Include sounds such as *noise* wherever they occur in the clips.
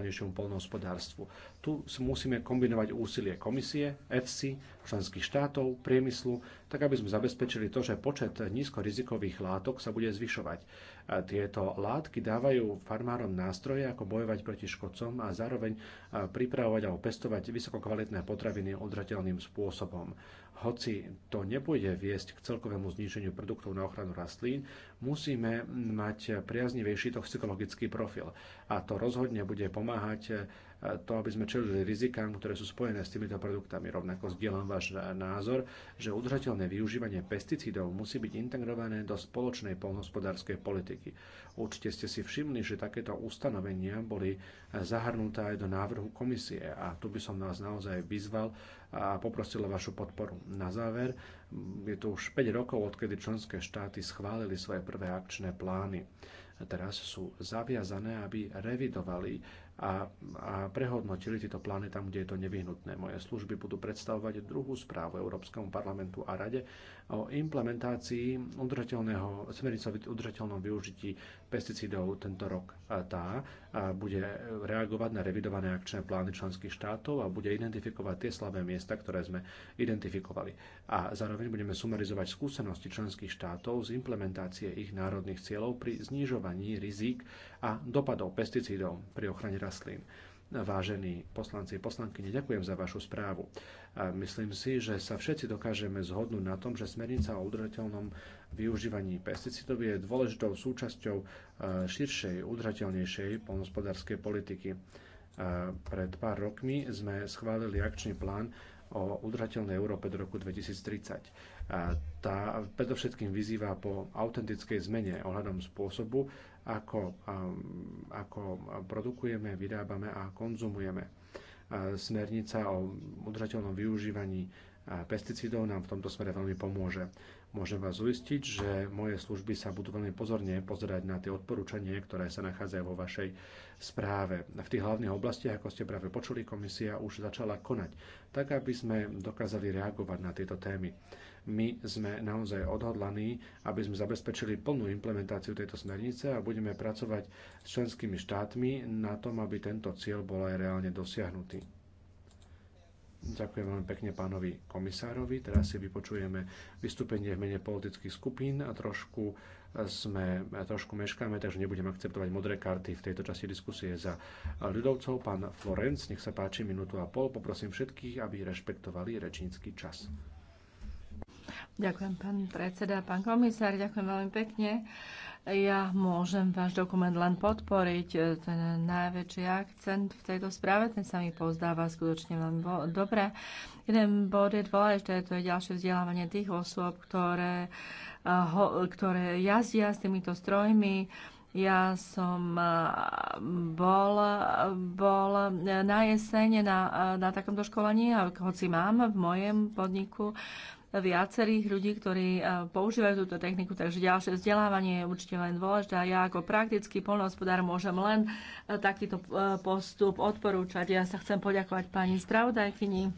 najvyššiemu poľnohospodárstvu. Tu musíme kombinovať úsilie komisie, EFSI, členských štátov, priemyslu, tak aby sme zabezpečili to, že počet nízkorizikových látok sa bude zvyšovať. Tieto látky dávajú farmárom nástroje, ako bojovať proti škodcom a zároveň pripravovať alebo pestovať vysokokvalitné potraviny odrateľným spôsobom. Hoci to nebude viesť k celkovému zníženiu produktov na ochranu rastlín, musíme mať priaznivejší toxikologický profil. A to rozhodne bude pomáhať to, aby sme čelili rizikám, ktoré sú spojené s týmito produktami. Rovnako zdieľam váš názor, že udržateľné využívanie pesticídov musí byť integrované do spoločnej polnohospodárskej politiky. Určite ste si všimli, že takéto ustanovenia boli zahrnuté aj do návrhu komisie a tu by som vás naozaj vyzval, a poprosil vašu podporu. Na záver, je to už 5 rokov, odkedy členské štáty schválili svoje prvé akčné plány. Teraz sú zaviazané, aby revidovali a, a prehodnotili tieto plány tam, kde je to nevyhnutné. Moje služby budú predstavovať druhú správu Európskemu parlamentu a Rade o implementácii udržateľného, smernice o udržateľnom využití pesticídov tento rok. tá a bude reagovať na revidované akčné plány členských štátov a bude identifikovať tie slabé miesta, ktoré sme identifikovali. A zároveň budeme sumarizovať skúsenosti členských štátov z implementácie ich národných cieľov pri znižovaní rizík a dopadov pesticídov pri ochrane rastlín. Vážení poslanci a poslanky, ďakujem za vašu správu. A myslím si, že sa všetci dokážeme zhodnúť na tom, že smernica o udržateľnom využívaní pesticidov je dôležitou súčasťou eh, širšej, udržateľnejšej polnospodárskej politiky. Eh, pred pár rokmi sme schválili akčný plán o udržateľnej Európe do roku 2030. Eh, tá predovšetkým vyzýva po autentickej zmene ohľadom spôsobu, ako, ako produkujeme, vyrábame a konzumujeme. Smernica o udržateľnom využívaní pesticídov nám v tomto smere veľmi pomôže. Môžem vás uistiť, že moje služby sa budú veľmi pozorne pozerať na tie odporúčania, ktoré sa nachádzajú vo vašej správe. V tých hlavných oblastiach, ako ste práve počuli, komisia už začala konať, tak aby sme dokázali reagovať na tieto témy. My sme naozaj odhodlaní, aby sme zabezpečili plnú implementáciu tejto smernice a budeme pracovať s členskými štátmi na tom, aby tento cieľ bol aj reálne dosiahnutý. Ďakujem veľmi pekne pánovi komisárovi. Teraz si vypočujeme vystúpenie v mene politických skupín a trošku e, sme, e, trošku meškáme, takže nebudem akceptovať modré karty v tejto časti diskusie za ľudovcov. Pán Florenc, nech sa páči minútu a pol. Poprosím všetkých, aby rešpektovali rečnícky čas. Ďakujem, pán predseda, pán komisár, ďakujem veľmi pekne. Ja môžem váš dokument len podporiť. E, ten najväčší akcent v tejto správe, ten sa mi pozdáva skutočne veľmi dobre. Jeden bod je dôležité, to je ďalšie vzdelávanie tých osôb, ktoré, e, ktoré jazdia s týmito strojmi. Ja som e, bol, bol na jeseň na, na takomto školení, hoci mám v mojem podniku uh, viacerých ľudí, ktorí e, používajú túto techniku, takže ďalšie vzdelávanie je určite len dôležité ja ako praktický polnohospodár môžem len e, takýto e, postup odporúčať. Ja sa chcem poďakovať pani spravodajkyni.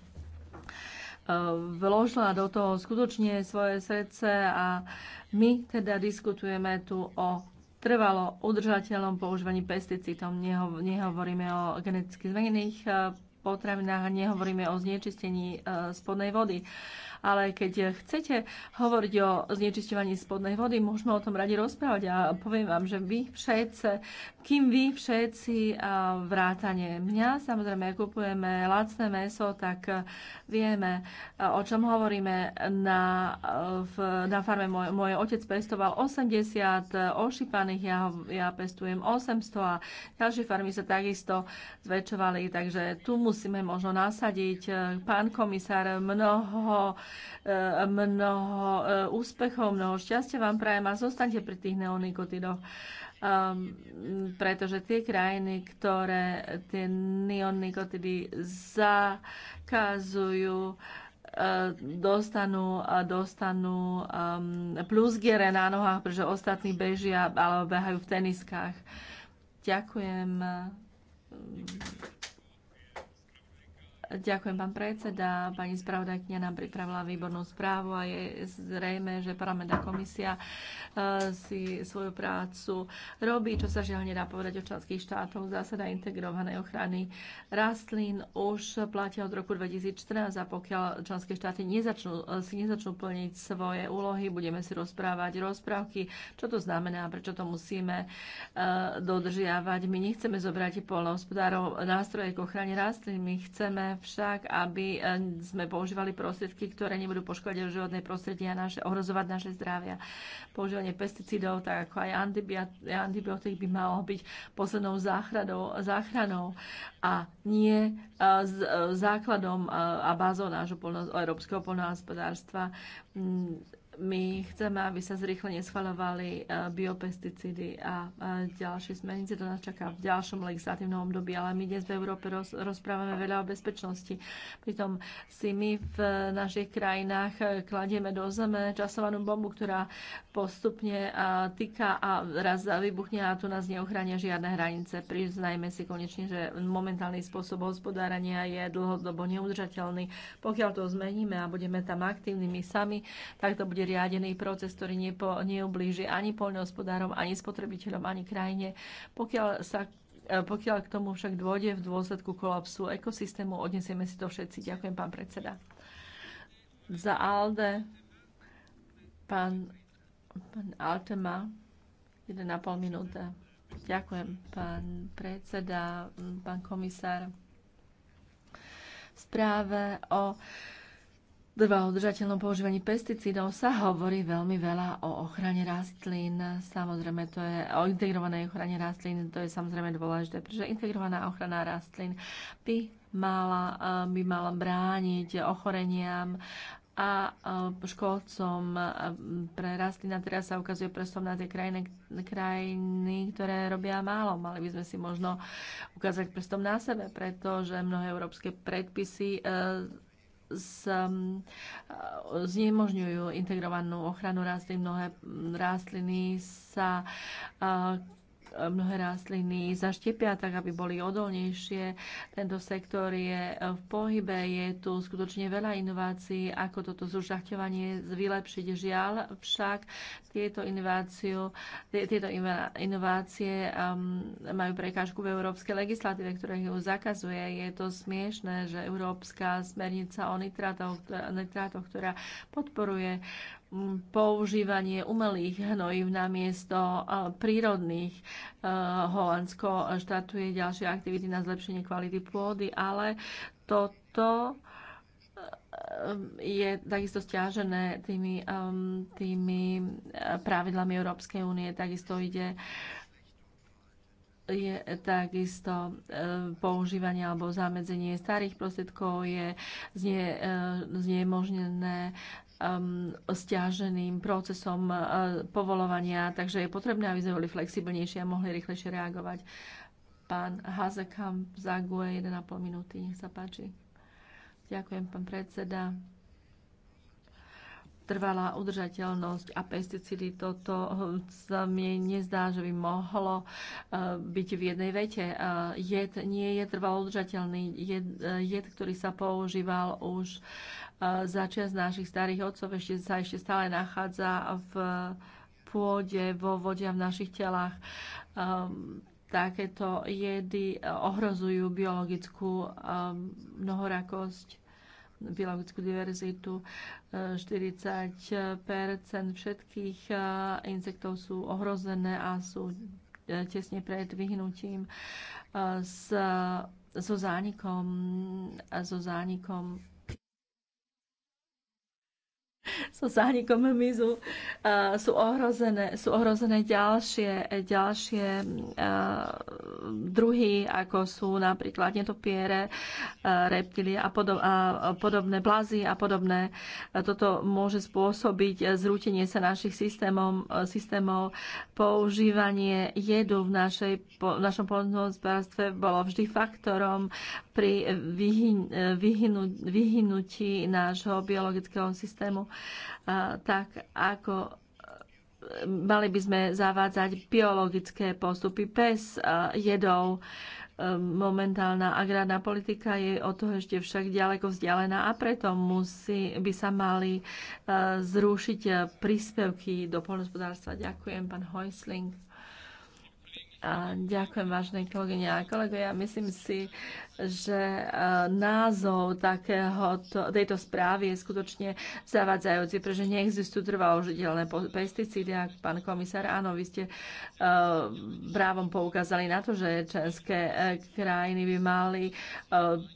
Vložila do toho skutočne svoje srdce a my teda diskutujeme tu o trvalo udržateľnom používaní pesticídom. nehovoríme o geneticky zmenených potravinách a nehovoríme o znečistení e, spodnej vody. Ale keď chcete hovoriť o znečisťovaní spodnej vody, môžeme o tom radi rozprávať a poviem vám, že vy všetci, kým vy všetci e, vrátane mňa, samozrejme, kupujeme lacné meso, tak vieme, e, o čom hovoríme. Na, v, na farme môj, môj otec pestoval 80 ošípaných, ja, ja pestujem 800 a ďalšie farmy sa takisto zväčšovali, takže tu mu musíme možno nasadiť. E, pán komisár, mnoho, e, mnoho e, úspechov, mnoho šťastia vám prajem a zostaňte pri tých neonikotidoch. Um, ehm, pretože tie krajiny, ktoré tie neonikotidy zakazujú, dostanú, dostanú um, plusgiere na nohách, pretože ostatní bežia alebo behajú v teniskách. Ďakujem. Ďakujem, pán predseda. Pani spravodajkňa nám pripravila výbornú správu a je zrejme, že parlamentná komisia e, si svoju prácu robí, čo sa žiaľ nedá povedať o členských štátoch. Zásada integrovanej ochrany rastlín už platia od roku 2014 a pokiaľ členské štáty nezačnú, si nezačnú plniť svoje úlohy, budeme si rozprávať rozprávky, čo to znamená, prečo to musíme e, dodržiavať. My nechceme zobrať polnohospodárov nástroje k ochrane rastlín, my chceme však, aby eh, sme používali prostriedky, ktoré nebudú poškodiť životné prostredie a naše, ohrozovať naše zdravia. Používanie pesticídov, tak ako aj antibiotík by malo byť poslednou záchranou, záchranou a nie eh, eh, základom a bázou nášho európskeho polnohospodárstva mm, my chceme, aby sa zrýchlenie schvalovali e, biopesticídy a e, ďalšie smernice. To nás čaká v ďalšom legislatívnom období, ale my dnes v Európe roz, rozprávame veľa o bezpečnosti. Pritom si my v našich krajinách e, kladieme do zeme časovanú bombu, ktorá postupne týka a raz vybuchne a tu nás neochránia žiadne hranice. Priznajme si konečne, že momentálny spôsob hospodárania je dlhodobo neudržateľný. Pokiaľ to zmeníme a budeme tam aktívni my sami, tak to bude riadený proces, ktorý nepo, neublíži ani poľnohospodárom, ani spotrebiteľom, ani krajine. Pokiaľ sa e, pokiaľ k tomu však dôjde v dôsledku kolapsu ekosystému, odnesieme si to všetci. Ďakujem, pán predseda. Za ALDE pán, pán Altema 1,5 minúta. Ďakujem, pán predseda, pán komisár. V správe o o držateľnom používaní pesticídov sa hovorí veľmi veľa o ochrane rastlín. Samozrejme, to je o integrovanej ochrane rastlín, to je samozrejme dôležité, pretože integrovaná ochrana rastlín by mala, eh, by mala brániť ochoreniam a eh, školcom eh, pre rastlina. Teraz sa ukazuje prstom na tie krajine krajiny, ktoré robia málo. Mali by sme si možno ukázať prstom na sebe, pretože mnohé európske predpisy Um, znemožňujú integrovanú ochranu rastlín. Mnohé rastliny sa uh, mnohé rastliny zaštepia, tak aby boli odolnejšie. Tento sektor je v pohybe, je tu skutočne veľa inovácií, ako toto zužahťovanie vylepšiť. Žiaľ však tieto, tieto inovácie um, majú prekážku v európskej legislatíve, ktorá ju zakazuje. Je to smiešné, že európska smernica o nitrátoch ktorá podporuje Mm, používanie umelých hnojív miesto prírodných. E, Holandsko štartuje ďalšie aktivity na zlepšenie kvality pôdy, ale toto e, je takisto stiažené tými, e, tými pravidlami Európskej únie. Takisto ide je takisto používanie alebo zamedzenie starých prostriedkov je znie, znemožnené um, stiaženým procesom uh, povolovania, takže je potrebné, aby sme boli flexibilnejšie a mohli rýchlejšie reagovať. Pán Hazekam zaguje 1,5 minúty, nech sa páči. Ďakujem, pán predseda. Trvalá udržateľnosť a pesticídy, toto sa mi nezdá, že by mohlo uh, byť v jednej vete. Uh, jed nie je trvalo udržateľný. Jed, uh, jed, ktorý sa používal už za čas našich starých otcov ešte sa ešte stále nachádza v pôde, vo vode a v našich telách. Um, takéto jedy ohrozujú biologickú um, mnohorakosť biologickú diverzitu. 40 ehm, všetkých insektov sú ohrozené a sú e, tesne pred vyhnutím so zánikom, so zánikom *laughs* so zánikom hmyzu sú ohrozené, sú ohrozené ďalšie, ďalšie druhy, ako sú napríklad netopiere, reptily a, a podobné blazy a podobné. Toto môže spôsobiť zrútenie sa našich systémov, systémov používanie jedu v, našej, v našom poľnohospodárstve bolo vždy faktorom pri vyhynutí nášho biologického systému, tak ako e, mali by sme zavádzať biologické postupy bez e, jedov. E, momentálna agrárna politika je od toho ešte však ďaleko vzdialená a preto musí, by sa mali zrušiť príspevky do poľnohospodárstva. Ďakujem, pán Hojsling. A ďakujem, vážne kolegyne a kolegovia. Ja myslím si, že e, názov takého tejto správy je skutočne zavadzajúci, pretože neexistujú trvalo pesticídy. A pán komisár, áno, vy ste e, právom poukázali na to, že členské e, krajiny by mali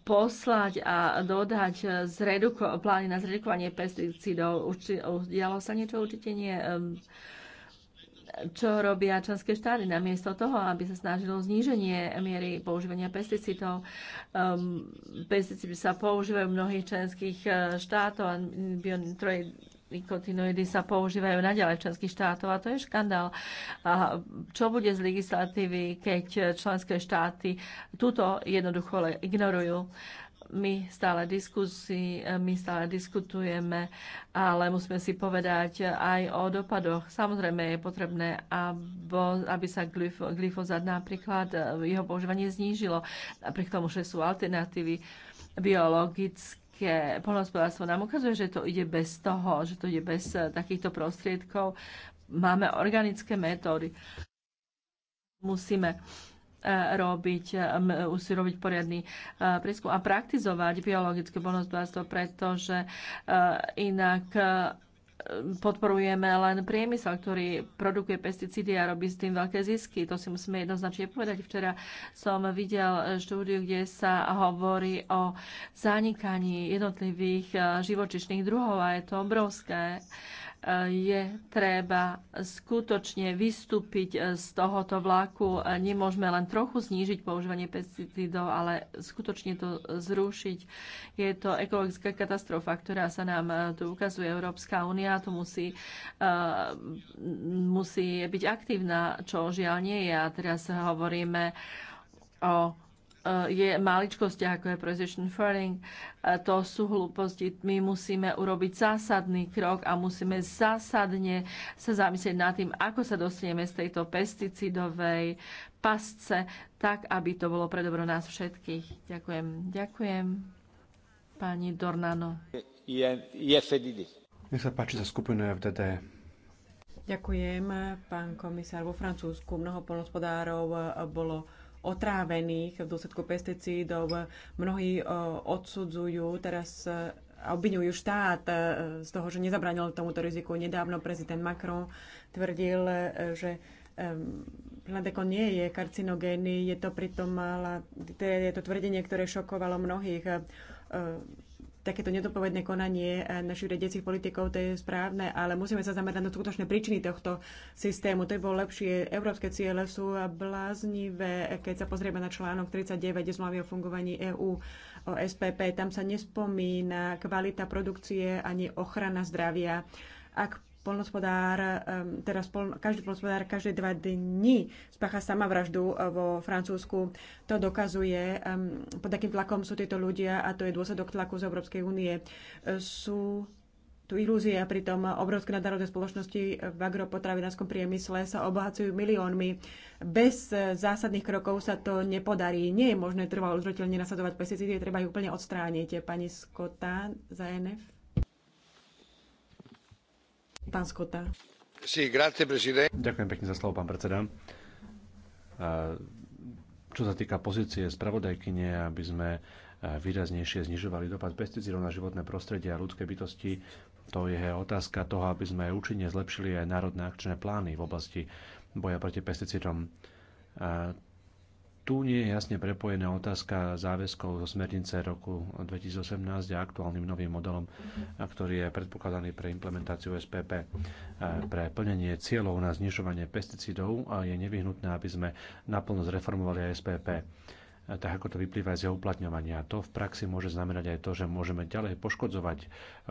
poslať a dodať zreduko- plány na zredukovanie pesticídov. udialo sa niečo? Určite nie ehm, čo robia členské štáty namiesto toho, aby sa snažilo zníženie miery používania pesticídov. Um, pesticídy sa používajú v mnohých členských e, štátov a nikotinoidy sa používajú naďalej členských štátov a to je škandál. A čo bude z legislatívy, keď členské štáty túto jednoducho ignorujú? Uh, my stále, diskusí, my stále diskutujeme, ale musíme si povedať aj o dopadoch. Samozrejme je potrebné, aby sa glyfozát napríklad eh, jeho používanie znížilo. Napriek tomu, že sú alternatívy biologické, polnohospodárstvo nám ukazuje, že to ide bez toho, že to ide bez eh, takýchto prostriedkov. Máme organické metódy. Musíme uh, robiť, musí robiť poriadny e, prieskum a praktizovať biologické poľnohospodárstvo, pretože e, inak e, podporujeme len priemysel, ktorý produkuje pesticídy a robí s tým veľké zisky. To si musíme jednoznačne povedať. Včera som videl štúdiu, kde sa hovorí o zanikaní jednotlivých živočišných druhov a je to obrovské je treba skutočne vystúpiť z tohoto vlaku. Nemôžeme len trochu znížiť používanie pesticídov, ale skutočne to zrušiť. Je to ekologická katastrofa, ktorá sa nám e, tu ukazuje. Európska únia tu musí, e, musí byť aktívna, čo žiaľ nie je. A teraz hovoríme o Eh, je maličkosťach, ako je precision farming. Eh, to sú hlúposti. My musíme urobiť zásadný krok a musíme zásadne sa zamyslieť nad tým, ako sa dostaneme z tejto pesticidovej pasce, tak, aby to bolo pre dobro nás všetkých. Ďakujem. Ďakujem. Pani Dornano. Je, je, je Nech sa páči za skupinu FDD. Ďakujem, pán komisár. Vo Francúzsku mnoho polnospodárov eh, bolo otrávených v dôsledku pesticídov. Mnohí e, odsudzujú teraz a e, obvinujú štát e, z toho, že nezabránil tomuto riziku. Nedávno prezident Macron tvrdil, že Pladekon nie je karcinogénny, je to pritom je to tvrdenie, ktoré šokovalo mnohých takéto nedopovedné konanie eh, našich riadiacich politikov, to je správne, ale musíme sa zamerať na skutočné príčiny tohto systému. To je bolo lepšie. Európske ciele sú bláznivé, eh, keď sa pozrieme na článok 39 zmluvy o fungovaní EÚ o SPP. Tam sa nespomína kvalita produkcie ani ochrana zdravia. Ak polnospodár, teda spol, každý polnospodár každé dva dni spácha sama vraždu eh, vo Francúzsku. To dokazuje, pod akým tlakom sú tieto ľudia a to je dôsledok tlaku z Európskej únie. Eh, sú tu ilúzie a pritom obrovské nadnárodné spoločnosti v agropotravinárskom priemysle sa obohacujú miliónmi. Bez eh, zásadných krokov sa to nepodarí. Nie je možné trvalo uzrotelne nasadovať pesticídy, treba ich úplne odstrániť. Pani Skota za NF. Pán Skota. Ďakujem pekne za slovo, pán predseda. Čo sa týka pozície spravodajkyne, aby sme výraznejšie znižovali dopad pesticídov na životné prostredie a ľudské bytosti, to je otázka toho, aby sme účinne zlepšili aj národné akčné plány v oblasti boja proti pesticídom tu nie je jasne prepojená otázka záväzkov zo smernice roku 2018 a aktuálnym novým modelom, ktorý je predpokladaný pre implementáciu SPP. Pre plnenie cieľov na znižovanie pesticídov je nevyhnutné, aby sme naplno zreformovali aj SPP tak ako to vyplýva z jeho uplatňovania. To v praxi môže znamenať aj to, že môžeme ďalej poškodzovať e,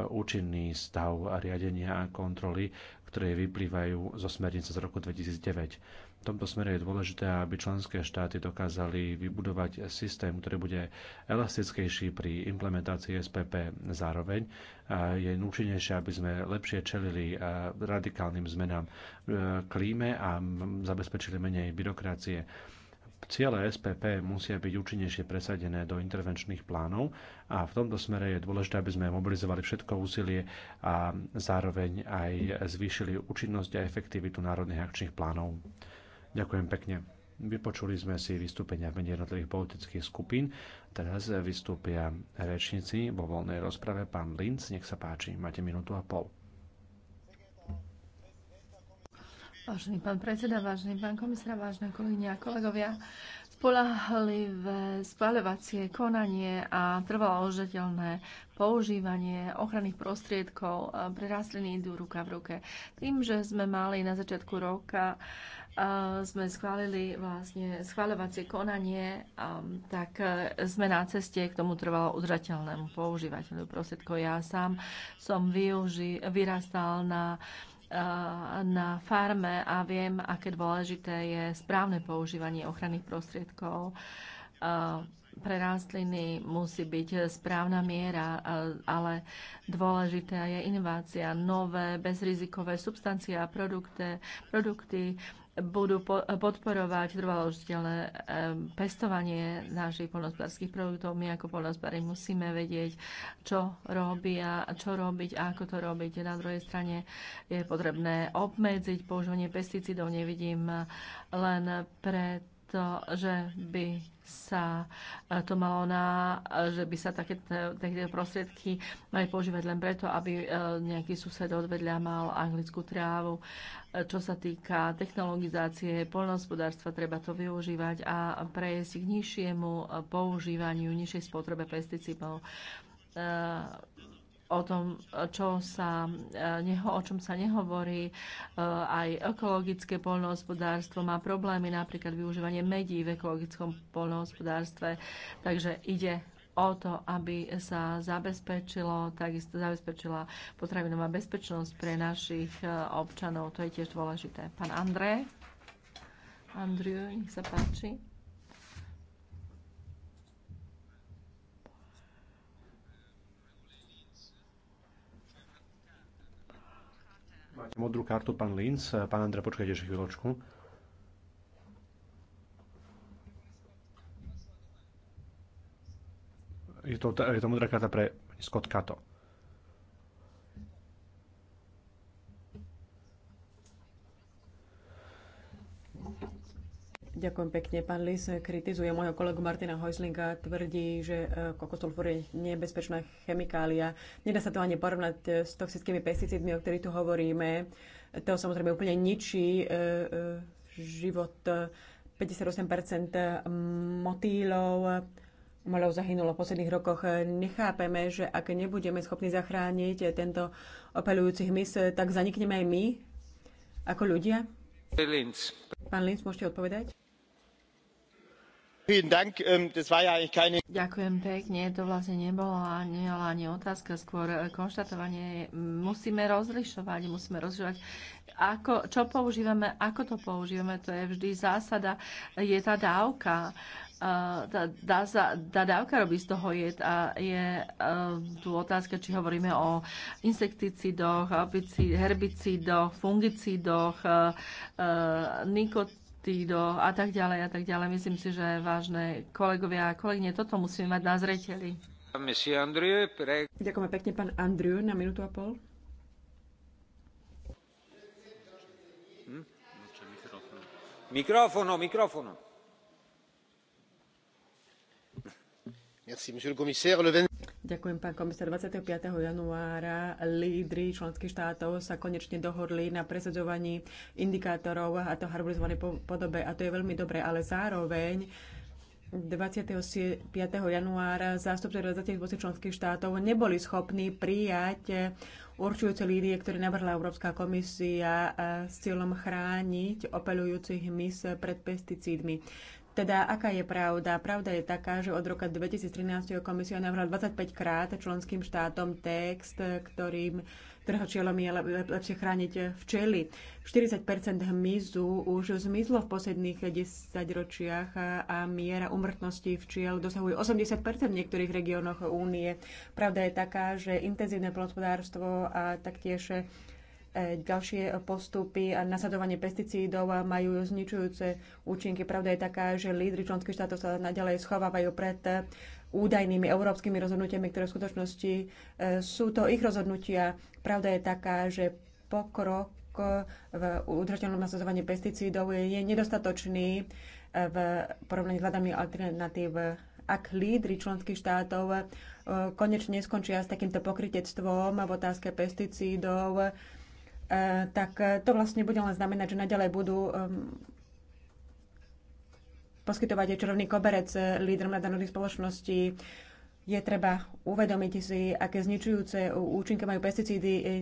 účinný stav riadenia a kontroly, ktoré vyplývajú zo smernice z roku 2009 v tomto smere je dôležité, aby členské štáty dokázali vybudovať systém, ktorý bude elastickejší pri implementácii SPP. Zároveň je účinnejšie, aby sme lepšie čelili radikálnym zmenám e, klíme a zabezpečili menej byrokracie. Ciele SPP musia byť účinnejšie presadené do intervenčných plánov a v tomto smere je dôležité, aby sme mobilizovali všetko úsilie a zároveň aj zvýšili účinnosť a efektivitu národných akčných plánov. Ďakujem pekne. Vypočuli sme si vystúpenia v jednotlivých politických skupín. Teraz vystúpia rečníci vo voľnej rozprave. Pán Linc, nech sa páči, máte minútu a pol. Vážený pán predseda, vážený pán komisár, vážené kolegyne a kolegovia, spolahlivé spáľovacie konanie a trvalo ožiteľné používanie ochranných prostriedkov pre rastliny idú ruka v ruke. Tým, že sme mali na začiatku roka sme schválili vlastne schváľovacie konanie, tak e, sme na ceste k tomu trvalo udržateľnému používateľu prostriedkov. Ja sám som využi- vyrastal na na farme a viem, aké dôležité je správne používanie ochranných prostriedkov. Pre rastliny musí byť správna miera, ale dôležitá je inovácia, nové bezrizikové substancie a produkty, produkty budú podporovať trvalo e, pestovanie našich poľnohospodárských produktov. My ako poľnohospodári musíme vedieť, čo robia, čo robiť a ako to robiť. Na druhej strane je potrebné obmedziť používanie pesticídov. Nevidím len pred to, že by sa e, to malo na, e, že by sa také takéto prostriedky mali používať len preto, aby e, nejaký sused odvedľa mal anglickú trávu. Čo sa týka technologizácie poľnohospodárstva, treba to využívať a prejsť k nižšiemu používaniu, nižšej spotrebe pesticídov o tom, čo sa, e, neho, o čom sa nehovorí. E, aj ekologické poľnohospodárstvo má problémy, napríklad využívanie medí v ekologickom poľnohospodárstve. Takže ide o to, aby sa zabezpečilo, takisto zabezpečila potravinová bezpečnosť pre našich e, občanov. To je tiež dôležité. Pán André. Andriu, nech sa páči. modrú kartu pán Linz. Pán Andra, počkajte ešte chvíľočku. Je to, je to modrá karta pre Scott Kato. Ďakujem pekne. Pán Lis kritizuje môjho kolegu Martina Hojslinga, tvrdí, že e, kokosulfur je nebezpečná chemikália. Nedá sa to ani porovnať e, s toxickými pesticídmi, o ktorých tu hovoríme. To samozrejme úplne ničí e, život 58% motýlov, malo zahynulo v posledných rokoch. Nechápeme, že ak nebudeme schopní zachrániť tento opelujúci hmyz, tak zanikneme aj my ako ľudia. Pán Linz, môžete odpovedať? Ähm, Ďakujem pekne. To vlastne nebola ani, ani otázka, skôr e, konštatovanie. Musíme rozlišovať, musíme rozlišovať, ako, čo používame, ako to používame. To je vždy zásada, je tá dávka. E, tá, tá dávka robí z toho jed a je e, tu otázka, či hovoríme o insekticidoch, herbicidoch, fungicidoch, nikot tído a tak ďalej a tak ďalej. Myslím si, že vážne kolegovia a kolegyne, toto musíme mať na zreteli. Ďakujeme pekne, pán Andriu, na minútu a pol. Hm? Mikrofono, mikrofono. Merci, monsieur le commissaire. Le 20... Ďakujem, pán komisár. 25. januára lídry členských štátov sa konečne dohodli na presadzovaní indikátorov a to harmonizovanej podobe a to je veľmi dobré, ale zároveň 25. januára zástupci vôsob členských štátov neboli schopní prijať určujúce lídie, ktoré navrhla Európska komisia s cieľom chrániť opelujúcich mis pred pesticídmi. Teda, aká je pravda? Pravda je taká, že od roka 2013 komisia navrhla 25 krát členským štátom text, ktorým ktorého je lepšie chrániť včely. 40 hmyzu už zmizlo v posledných 10 ročiach a miera umrtnosti včiel dosahuje 80 v niektorých regiónoch únie. Pravda je taká, že intenzívne plnospodárstvo a taktiež E, ďalšie postupy a nasadovanie pesticídov majú zničujúce účinky. Pravda je taká, že lídry členských štátov sa naďalej schovávajú pred údajnými európskymi rozhodnutiami, ktoré v skutočnosti e, sú to ich rozhodnutia. Pravda je taká, že pokrok v udržateľnom nasadzovaní pesticídov je nedostatočný e, v porovnaní s hľadami alternatív ak lídry členských štátov konečne skončia s takýmto pokritectvom v otázke pesticídov, E, tak e, to vlastne bude len znamenať, že naďalej budú e, poskytovať aj čarovný koberec lídrom nadnárodných spoločností. Je treba uvedomiť si, aké zničujúce účinky majú pesticídy.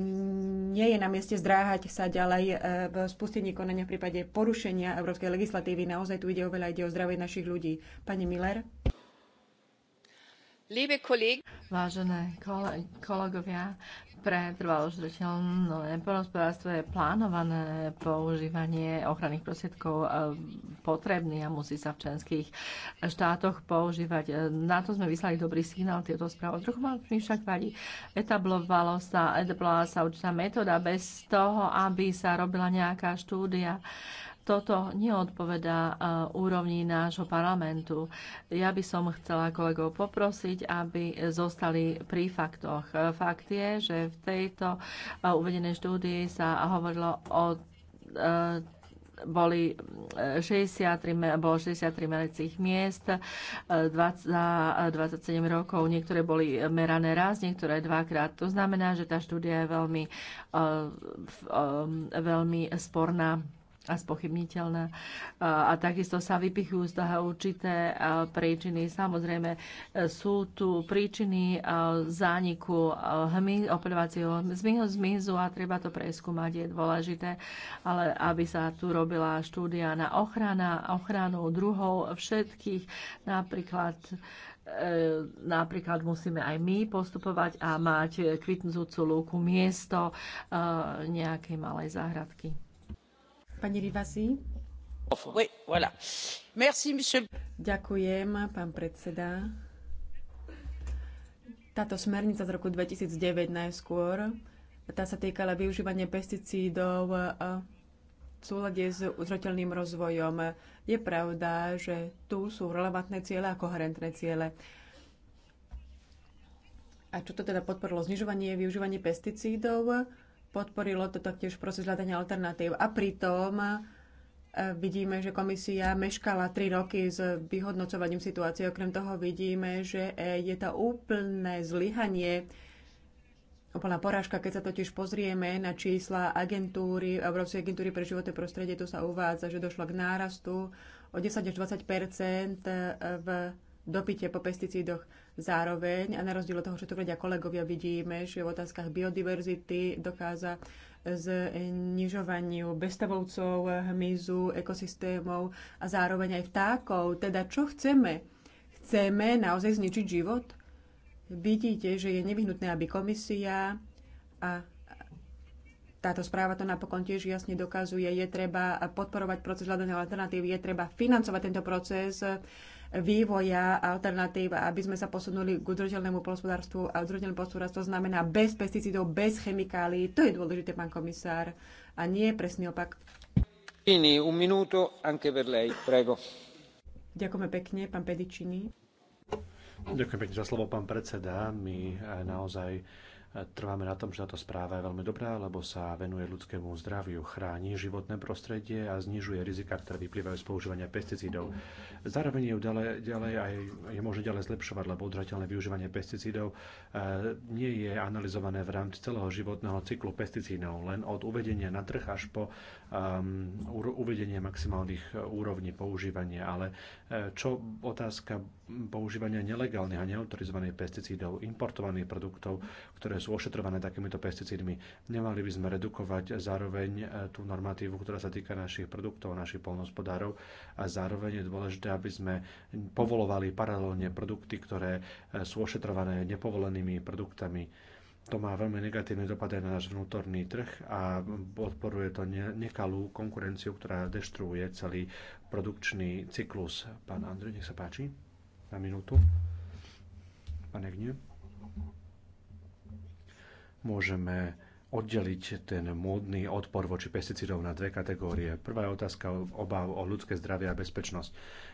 Nie je na mieste zdráhať sa ďalej v spustení konania v prípade porušenia európskej legislatívy. Naozaj tu ide o veľa, ide o zdravie našich ľudí. Pani Miller? Vážené kolegovia, pre trvalo udržateľné je plánované používanie ochranných prostriedkov e, potrebný a musí sa v členských štátoch používať. E, na to sme vyslali dobrý signál tieto správy. Trochu mi však vadí. Etablovalo sa, etablovala sa určitá metóda bez toho, aby sa robila nejaká štúdia toto neodpovedá e, úrovni nášho parlamentu. Ja by som chcela kolegov poprosiť, aby zostali pri faktoch. E, fakt je, že v tejto e, uvedenej štúdii sa hovorilo o boli 63, bolo 63 meracích miest, za 27 rokov, niektoré boli merané raz, niektoré dvakrát. To znamená, že tá štúdia je veľmi, veľmi sporná a spochybniteľná. A takisto sa vypichujú z toho určité príčiny. Samozrejme, e, sú tu príčiny e, zániku opľovacieho opeľovacieho zmizu a treba to preskúmať, je dôležité, ale aby sa tu robila štúdia na ochrana, ochranu druhov všetkých, napríklad e, napríklad musíme aj my postupovať a mať kvitnúcu lúku miesto nejakej malej záhradky. Ďakujem, predseda. Táto smernica z roku 2009 najskôr, tá sa týkala využívania pesticídov v súlade s udržateľným rozvojom. Je pravda, že tu sú relevantné ciele a koherentné ciele. A čo to teda podporilo? Znižovanie využívanie pesticídov podporilo to taktiež proces hľadania alternatív. A pritom e, vidíme, že komisia meškala tri roky s vyhodnocovaním situácie. Okrem toho vidíme, že e, je to úplné zlyhanie, úplná porážka, keď sa totiž pozrieme na čísla agentúry, Európskej agentúry pre životné prostredie, tu sa uvádza, že došlo k nárastu o 10 až 20 e, v dopite po pesticídoch. Zároveň, a na rozdiel od toho, čo tu vedia kolegovia, vidíme, že v otázkach biodiverzity dokáza znižovaniu bestavovcov, hmyzu, ekosystémov a zároveň aj vtákov. Teda čo chceme? Chceme naozaj zničiť život? Vidíte, že je nevyhnutné, aby komisia a táto správa to napokon tiež jasne dokazuje, je treba podporovať proces hľadania alternatívy, je treba financovať tento proces vývoja alternatív, aby sme sa posunuli k udržateľnému polospodárstvu. A udržateľné polospodárstvo znamená bez pesticídov, bez chemikálií. To je dôležité, pán komisár, a nie je presný opak. Iný, un minuto, anche per lei, prego. Ďakujeme pekne, pán Pedičiny. Ďakujem pekne za slovo, pán predseda. My eh, naozaj Trváme na tom, že táto správa je veľmi dobrá, lebo sa venuje ľudskému zdraviu, chráni životné prostredie a znižuje rizika, ktoré vyplývajú z používania pesticídov. Zároveň je, ďalej, ďalej aj, je možné ďalej zlepšovať, lebo udržateľné využívanie pesticídov e, nie je analyzované v rámci celého životného cyklu pesticídov, len od uvedenia na trh až po um, uvedenie maximálnych e, úrovní používania. Ale e, čo otázka používania nelegálnych a neautorizovaných pesticídov, importovaných produktov, ktoré sú ošetrované takýmito pesticídmi. Nemali by sme redukovať zároveň e, tú normatívu, ktorá sa týka našich produktov, našich polnospodárov a zároveň je dôležité, aby sme povolovali paralelne produkty, ktoré e, sú ošetrované nepovolenými produktami. To má veľmi negatívny dopad aj na náš vnútorný trh a podporuje to nekalú konkurenciu, ktorá deštruuje celý produkčný cyklus. Pán Andrej, nech sa páči, na minútu. Pane Gnie môžeme oddeliť ten módny odpor voči pesticidov na dve kategórie. Prvá je otázka obav o ľudské zdravie a bezpečnosť.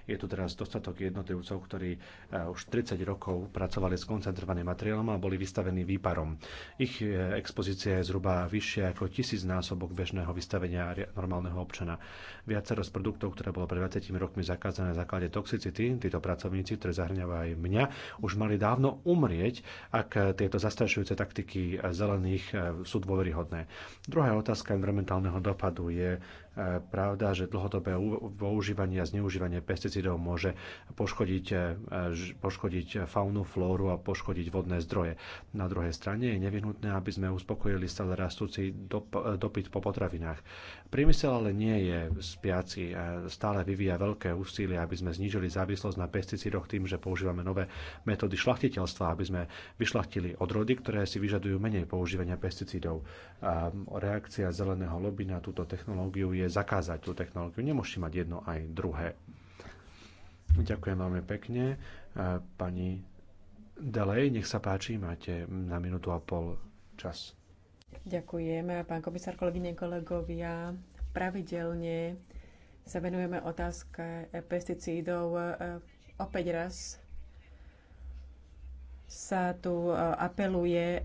Je tu teraz dostatok jednotlivcov, ktorí eh, už 30 rokov pracovali s koncentrovaným materiálom a boli vystavení výparom. Ich eh, expozícia je zhruba vyššia ako tisíc násobok bežného vystavenia normálneho občana. Viacero z produktov, ktoré bolo pred 20 rokmi zakázané na základe toxicity, títo pracovníci, ktoré zahrňava aj mňa, už mali dávno umrieť, ak eh, tieto zastrašujúce taktiky zelených sú dôveryhodné. Druhá otázka environmentálneho dopadu je pravda, že dlhodobé používanie a zneužívanie pesticidov môže poškodiť, e, poškodiť faunu, flóru a poškodiť vodné zdroje. Na druhej strane je nevyhnutné, aby sme uspokojili stále rastúci dopyt po potravinách. Priemysel ale nie je spiaci, stále vyvíja veľké úsilie, aby sme znížili závislosť na pesticidoch tým, že používame nové metódy šlachtiteľstva, aby sme vyšlachtili odrody, ktoré si vyžadujú menej používania pesticidov. A reakcia zeleného lobby na túto technológiu je je zakázať tú technológiu. Nemôžete mať jedno aj druhé. Ďakujem veľmi pekne. E, pani Delej, nech sa páči, máte na minútu a pol čas. Ďakujem, pán komisár, kolegyne, kolegovia. Pravidelne sa venujeme otázke pesticídov e, opäť raz sa tu e, apeluje e,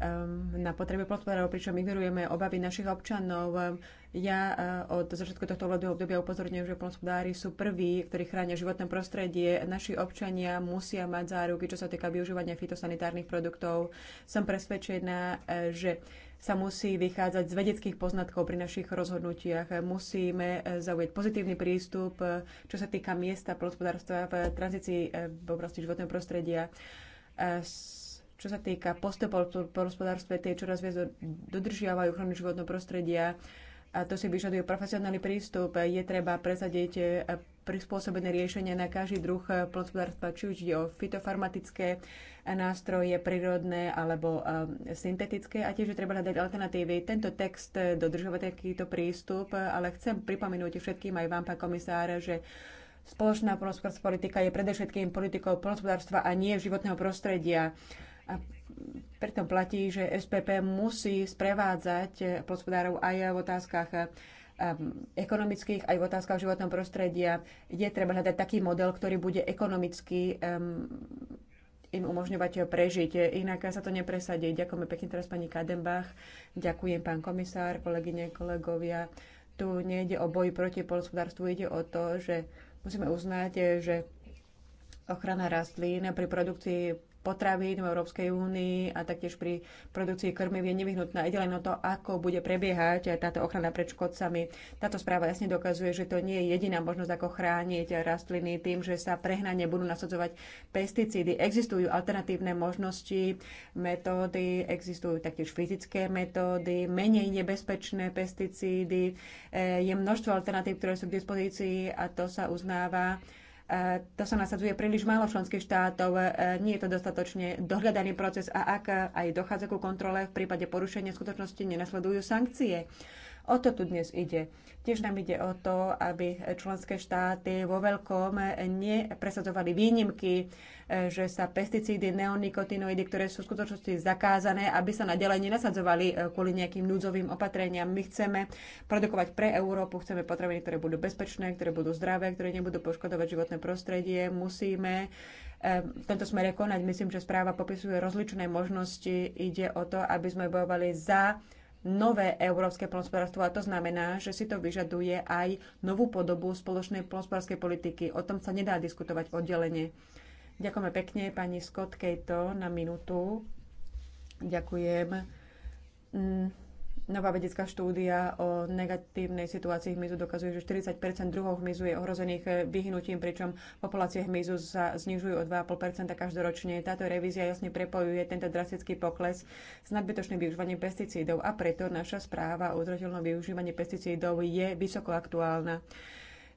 na potreby podporov, pričom ignorujeme obavy našich občanov. Ja e, od začiatku tohto volebného obdobia upozorňujem, že polnospodári sú prví, ktorí chránia životné prostredie. Naši občania musia mať záruky, čo sa týka využívania fitosanitárnych produktov. Som presvedčená, že sa musí vychádzať z vedeckých poznatkov pri našich rozhodnutiach. Musíme zaujať pozitívny prístup, čo sa týka miesta polnospodárstva v tranzícii v oblasti životného prostredia E, čo sa týka postupov po hospodárstve, tie čoraz viac dodržiavajú ochranu životného prostredia. A to si vyžaduje profesionálny prístup. Je treba presadiť e, prispôsobené riešenia na každý druh e, hospodárstva, či už ide o fitofarmatické nástroje, prírodné alebo syntetické. A tiež je treba hľadať alternatívy. Tento text dodržovať takýto prístup, ale chcem pripomenúť všetkým aj vám, pán komisár, že Spoločná polnospodárska politika je predovšetkým politikou polnospodárstva a nie životného prostredia. A preto platí, že SPP musí sprevádzať eh, polnospodárov aj v otázkach eh, ekonomických, aj v otázkach životného prostredia. Je treba hľadať taký model, ktorý bude ekonomicky eh, im umožňovať prežiť. Inak sa to nepresadí. Ďakujeme pekne teraz pani Kadenbach, ďakujem pán komisár, kolegyne, kolegovia. Tu nejde o boj proti polospodárstvu, ide o to, že Musíme uznať, že ochrana rastlín pri produkcii potravín v Európskej únii a taktiež pri produkcii krmiv je nevyhnutná. Ide len o to, ako bude prebiehať táto ochrana pred škodcami. Táto správa jasne dokazuje, že to nie je jediná možnosť, ako chrániť rastliny tým, že sa prehnane budú nasadzovať pesticídy. Existujú alternatívne možnosti, metódy, existujú taktiež fyzické metódy, menej nebezpečné pesticídy. E, je množstvo alternatív, ktoré sú k dispozícii a to sa uznáva E, to sa nasadzuje príliš málo členských štátov, e, nie je to dostatočne dohľadaný proces a ak aj dochádza ku kontrole v prípade porušenia skutočnosti nenasledujú sankcie. O to tu dnes ide. Tiež nám ide o to, aby členské štáty vo veľkom nepresadzovali výnimky, e, že sa pesticídy, neonikotinoidy, ktoré sú v skutočnosti zakázané, aby sa nadalej nenasadzovali e, kvôli nejakým núdzovým opatreniam. My chceme produkovať pre Európu, chceme potraviny, ktoré budú bezpečné, ktoré budú zdravé, ktoré nebudú poškodovať životné prostredie. Musíme e, v tomto smere konať. Myslím, že správa popisuje rozličné možnosti. Ide o to, aby sme bojovali za nové európske plnospodárstvo a to znamená, že si to vyžaduje aj novú podobu spoločnej plnospodárskej politiky. O tom sa nedá diskutovať oddelenie. Ďakujeme pekne pani Scott Kejto na minútu. Ďakujem. Mm, Nová vedecká štúdia o negatívnej situácii hmyzu dokazuje, že 40 druhov hmyzu je ohrozených vyhnutím, pričom populácie hmyzu sa znižujú o 2,5 každoročne. Táto revízia jasne prepojuje tento drastický pokles s nadbytočným využívaním pesticídov a preto naša správa o udržateľnom využívaní pesticídov je vysoko aktuálna.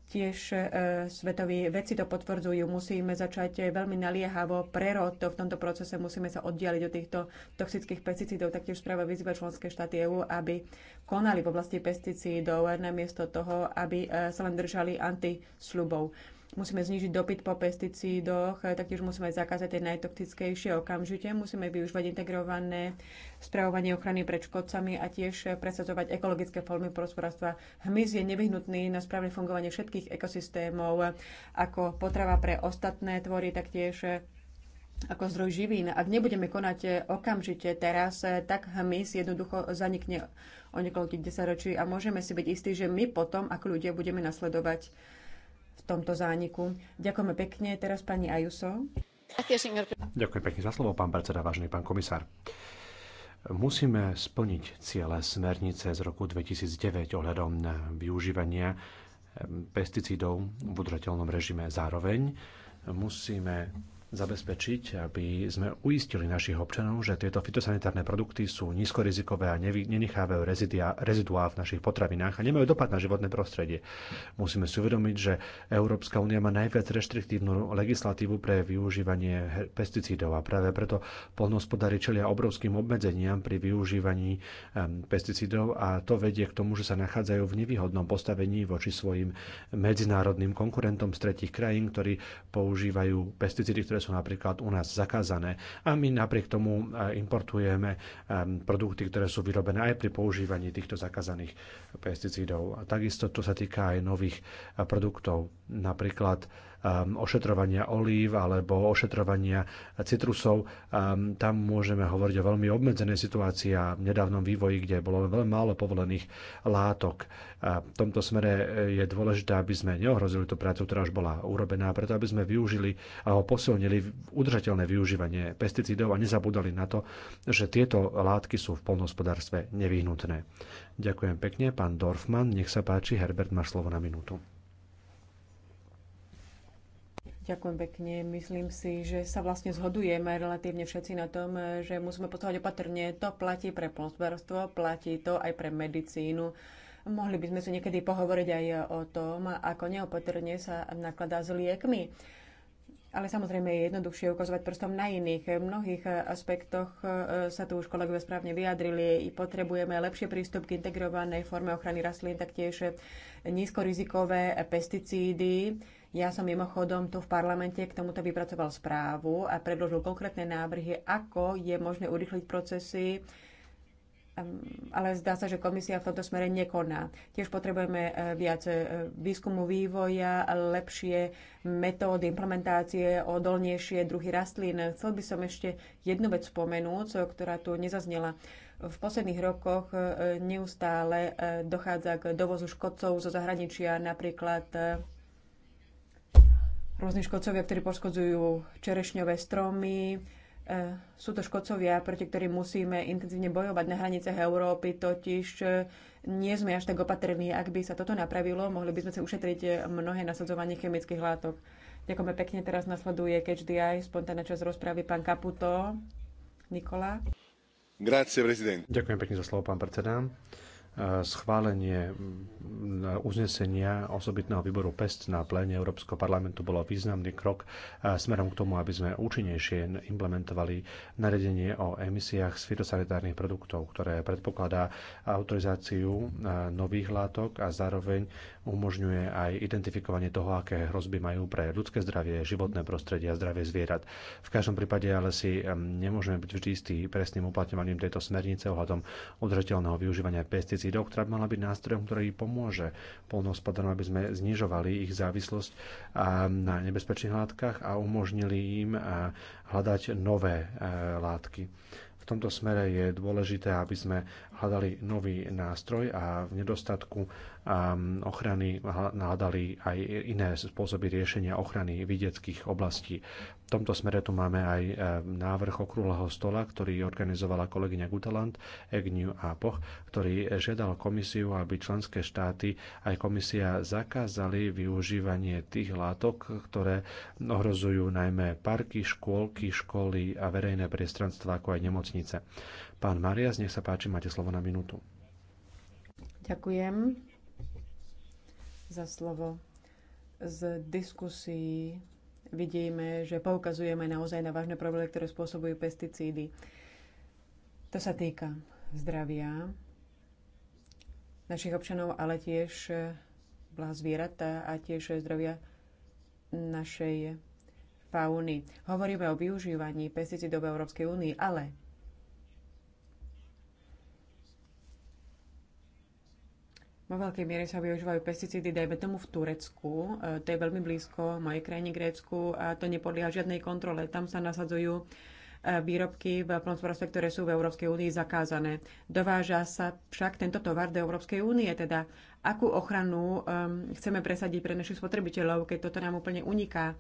Tiež e, svetoví vedci to potvrdzujú. Musíme začať e, veľmi naliehavo prerod to v tomto procese. Musíme sa oddialiť od týchto toxických pesticídov. Taktiež správa vyzýva členské štáty EÚ, aby konali v oblasti pesticídov namiesto toho, aby e, sa len držali antislubov Musíme znižiť dopyt po pesticídoch, taktiež musíme zakázať tie najtoxickejšie okamžite. Musíme využívať integrované spravovanie ochrany pred škodcami a tiež presadzovať ekologické formy prospodárstva. Hmyz je nevyhnutný na správne fungovanie všetkých ekosystémov ako potrava pre ostatné tvory, taktiež ako zdroj živín. Ak nebudeme konať okamžite teraz, tak hmyz jednoducho zanikne o niekoľkých desaťročí a môžeme si byť istí, že my potom, ako ľudia, budeme nasledovať v tomto zániku. Ďakujeme pekne. Teraz pani Ajuso. Ďakujem pekne za slovo, pán predseda, vážený pán komisár. Musíme splniť ciele smernice z roku 2009 ohľadom na využívania eh, pesticídov v udržateľnom režime. Zároveň musíme zabezpečiť, aby sme uistili našich občanov, že tieto fitosanitárne produkty sú nízkorizikové a nenechávajú rezidia, reziduá v našich potravinách a nemajú dopad na životné prostredie. Musíme si uvedomiť, že Európska únia má najviac reštriktívnu legislatívu pre využívanie pesticídov a práve preto polnohospodári čelia obrovským obmedzeniam pri využívaní pesticídov a to vedie k tomu, že sa nachádzajú v nevýhodnom postavení voči svojim medzinárodným konkurentom z tretich krajín, ktorí používajú pesticídy, ktoré sú napríklad u nás zakázané a my napriek tomu e, importujeme e, produkty, ktoré sú vyrobené aj pri používaní týchto zakázaných pesticídov. A takisto to sa týka aj nových e, produktov, napríklad Um, ošetrovania olív alebo ošetrovania citrusov. Um, tam môžeme hovoriť o veľmi obmedzenej situácii a nedávnom vývoji, kde bolo veľmi málo povolených látok. A v tomto smere je dôležité, aby sme neohrozili tú prácu, ktorá už bola urobená, preto aby sme využili a posilnili udržateľné využívanie pesticídov a nezabudali na to, že tieto látky sú v polnohospodárstve nevyhnutné. Ďakujem pekne, pán Dorfman, nech sa páči, Herbert má slovo na minútu. Ďakujem pekne. Myslím si, že sa vlastne zhodujeme relatívne všetci na tom, že musíme postupovať opatrne. To platí pre plnospodárstvo, platí to aj pre medicínu. Mohli by sme si niekedy pohovoriť aj o tom, ako neopatrne sa nakladá s liekmi ale samozrejme je jednoduchšie ukazovať prstom na iných. V mnohých aspektoch e, sa tu už kolegovia správne vyjadrili. I potrebujeme lepšie prístup k integrovanej forme ochrany rastlín, taktiež nízkorizikové pesticídy. Ja som mimochodom tu v parlamente k tomuto vypracoval správu a predložil konkrétne návrhy, ako je možné urychliť procesy ale zdá sa, že komisia v tomto smere nekoná. Tiež potrebujeme e, viac e, výskumu vývoja, lepšie metódy implementácie, odolnejšie druhy rastlín. Chcel by som ešte jednu vec spomenúť, ktorá tu nezaznela. V posledných rokoch e, neustále dochádza k dovozu škodcov zo zahraničia, napríklad rôzni škodcovia, ktorí poškodzujú čerešňové stromy, E, sú to škodcovia, proti ktorým musíme intenzívne bojovať na hraniciach Európy, totiž e, nie sme až tak opatrní. Ak by sa toto napravilo, mohli by sme sa ušetriť e, mnohé nasadzovanie chemických látok. Ďakujeme pekne. Teraz nasleduje Eye, spontánna časť rozpravy, pán Kaputo. Nikola. Grazie, prezident. Ďakujem pekne za slovo, pán predseda schválenie mm, uznesenia osobitného výboru PEST na pléne Európskeho parlamentu bolo významný krok e, smerom k tomu, aby sme účinnejšie implementovali nariadenie o emisiách z fitosanitárnych produktov, ktoré predpokladá autorizáciu e, nových látok a zároveň umožňuje aj identifikovanie toho, aké hrozby majú pre ľudské zdravie, životné prostredie a zdravie zvierat. V každom prípade ale si nemôžeme byť vždy istí presným uplatňovaním tejto smernice ohľadom udržateľného využívania pesticídov, ktorá by mala byť nástrojom, ktorý pomôže polnohospodárom, aby sme znižovali ich závislosť na nebezpečných látkach a umožnili im hľadať nové e, látky. V tomto smere je dôležité, aby sme hľadali nový nástroj a v nedostatku um, ochrany hľadali aj iné spôsoby riešenia ochrany videckých oblastí. V tomto smere tu máme aj eh, návrh okrúhleho stola, ktorý organizovala kolegyňa Gutaland, Egniu a Poch, ktorý žiadal komisiu, aby členské štáty aj komisia zakázali využívanie tých látok, ktoré ohrozujú najmä parky, škôlky, školy a verejné priestranstva, ako aj nemocnice. Pán Marias, nech sa páči, máte slovo na minútu. Ďakujem za slovo. Z diskusí vidíme, že poukazujeme naozaj na vážne problémy, ktoré spôsobujú pesticídy. To sa týka zdravia našich občanov, ale tiež blaha zvieratá a tiež zdravia našej fauny. Hovoríme o využívaní pesticídov v Európskej únii, ale Vo veľkej miere sa využívajú pesticídy, dajme tomu v Turecku, e, to je veľmi blízko mojej krajine Grécku a to nepodlieha žiadnej kontrole. Tam sa nasadzujú e, výrobky v plnospodárstve, ktoré sú v Európskej únii zakázané. Dováža sa však tento tovar do Európskej únie, teda akú ochranu um, chceme presadiť pre našich spotrebiteľov, keď toto nám úplne uniká.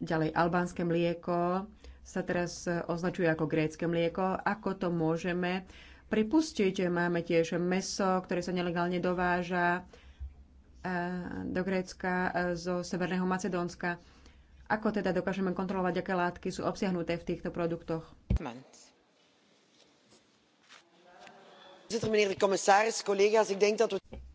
Ďalej, albánske mlieko sa teraz e, označuje ako grécke mlieko. Ako to môžeme uh, pripustiť. Máme tiež meso, ktoré sa nelegálne dováža eh, do Grécka eh, zo Severného Macedónska. Ako teda dokážeme kontrolovať, aké látky sú obsiahnuté v týchto produktoch?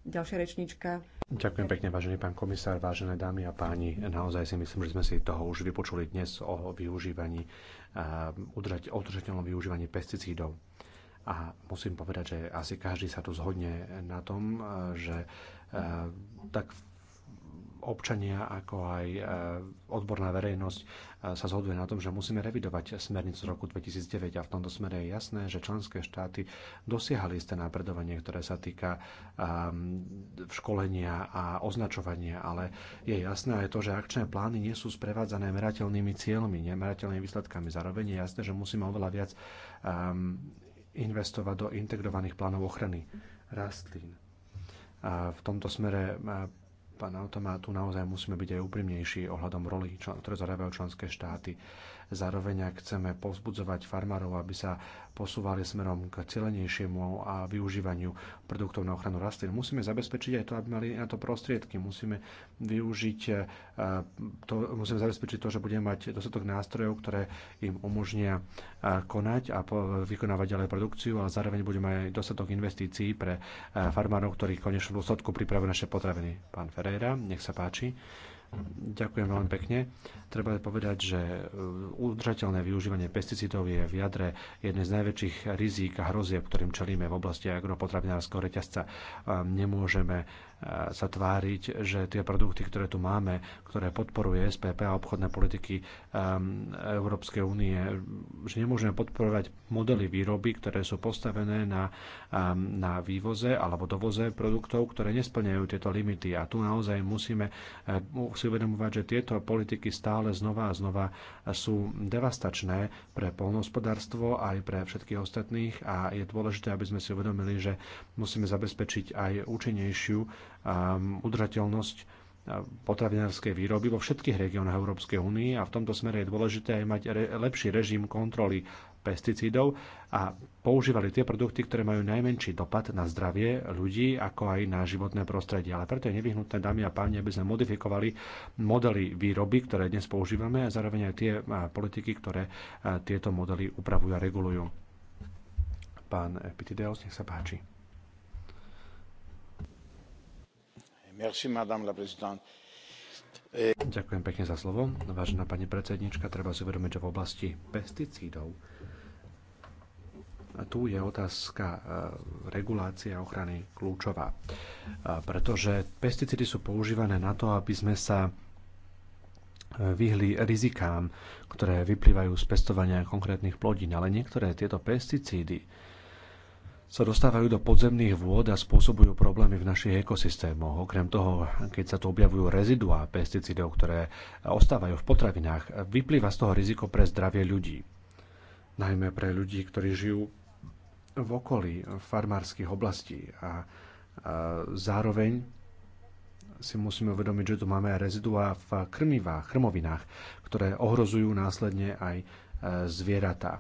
Ďalšia rečnička. Ďakujem pekne, vážený pán komisár, vážené dámy a páni. Naozaj si myslím, že sme si toho už vypočuli dnes o využívaní, eh, udržateľnom využívaní pesticídov. A musím povedať, že asi každý sa tu zhodne na tom, eh, že eh, tak občania, ako aj eh, odborná verejnosť sa zhoduje na tom, že musíme revidovať smernicu z roku 2009 a v tomto smere je jasné, že členské štáty dosiahali isté napredovanie, ktoré sa týka ehm, školenia a označovania, ale je jasné aj to, že akčné plány nie sú sprevádzané merateľnými cieľmi, nemerateľnými výsledkami. Zároveň je jasné, že musíme oveľa viac ehm, investovať do integrovaných plánov ochrany rastlín. A v tomto smere pán Automa, tu naozaj musíme byť aj úprimnejší ohľadom roli, ktoré zarábajú členské štáty Zároveň ak chceme povzbudzovať farmárov, aby sa posúvali smerom k celenejšiemu a využívaniu produktov na ochranu rastlín. Musíme zabezpečiť aj to, aby mali na to prostriedky. Musíme využiť e, to, musíme zabezpečiť to, že budeme mať dostatok nástrojov, ktoré im umožnia e, konať a vykonávať ďalej produkciu, ale zároveň budeme aj dostatok investícií pre e, farmárov, ktorí v konečnom dôsledku pripravujú naše potraviny. Pán Ferreira, nech sa páči. Ďakujem veľmi pekne. Treba povedať, že e, udržateľné využívanie pesticídov je v jadre jedné z najväčších rizík a hrozieb, ktorým čelíme v oblasti agropotravinárskeho reťazca. Nemôžeme sa tváriť, že tie produkty, ktoré tu máme, ktoré podporuje SPP a obchodné politiky um, Európskej únie, že nemôžeme podporovať modely výroby, ktoré sú postavené na, um, na vývoze alebo dovoze produktov, ktoré nesplňajú tieto limity. A tu naozaj musíme uh, si uvedomovať, že tieto politiky stále znova a znova sú devastačné pre polnohospodárstvo aj pre všetkých ostatných a je dôležité, aby sme si uvedomili, že musíme zabezpečiť aj účinnejšiu um, udržateľnosť uh, potravinárskej výroby vo všetkých regiónoch Európskej únie a v tomto smere je dôležité aj mať re- lepší režim kontroly pesticídov a používali tie produkty, ktoré majú najmenší dopad na zdravie ľudí, ako aj na životné prostredie. Ale preto je nevyhnutné, dámy a páni, aby sme modifikovali modely výroby, ktoré dnes používame a zároveň aj tie politiky, ktoré tieto modely upravujú a regulujú. Pán Epitideos, nech sa páči. Ďakujem pekne za slovo. Vážená pani predsednička, treba si uvedomiť, že v oblasti pesticídov tu je otázka e, regulácie a ochrany kľúčová. E, pretože pesticídy sú používané na to, aby sme sa e, vyhli rizikám, ktoré vyplývajú z pestovania konkrétnych plodín. Ale niektoré tieto pesticídy sa dostávajú do podzemných vôd a spôsobujú problémy v našich ekosystémoch. Okrem toho, keď sa tu objavujú reziduá pesticidov, ktoré ostávajú v potravinách, vyplýva z toho riziko pre zdravie ľudí. Najmä pre ľudí, ktorí žijú v okolí farmárskych oblastí. A, a zároveň si musíme uvedomiť, že tu máme reziduá v krmivách, krmovinách, ktoré ohrozujú následne aj e, zvieratá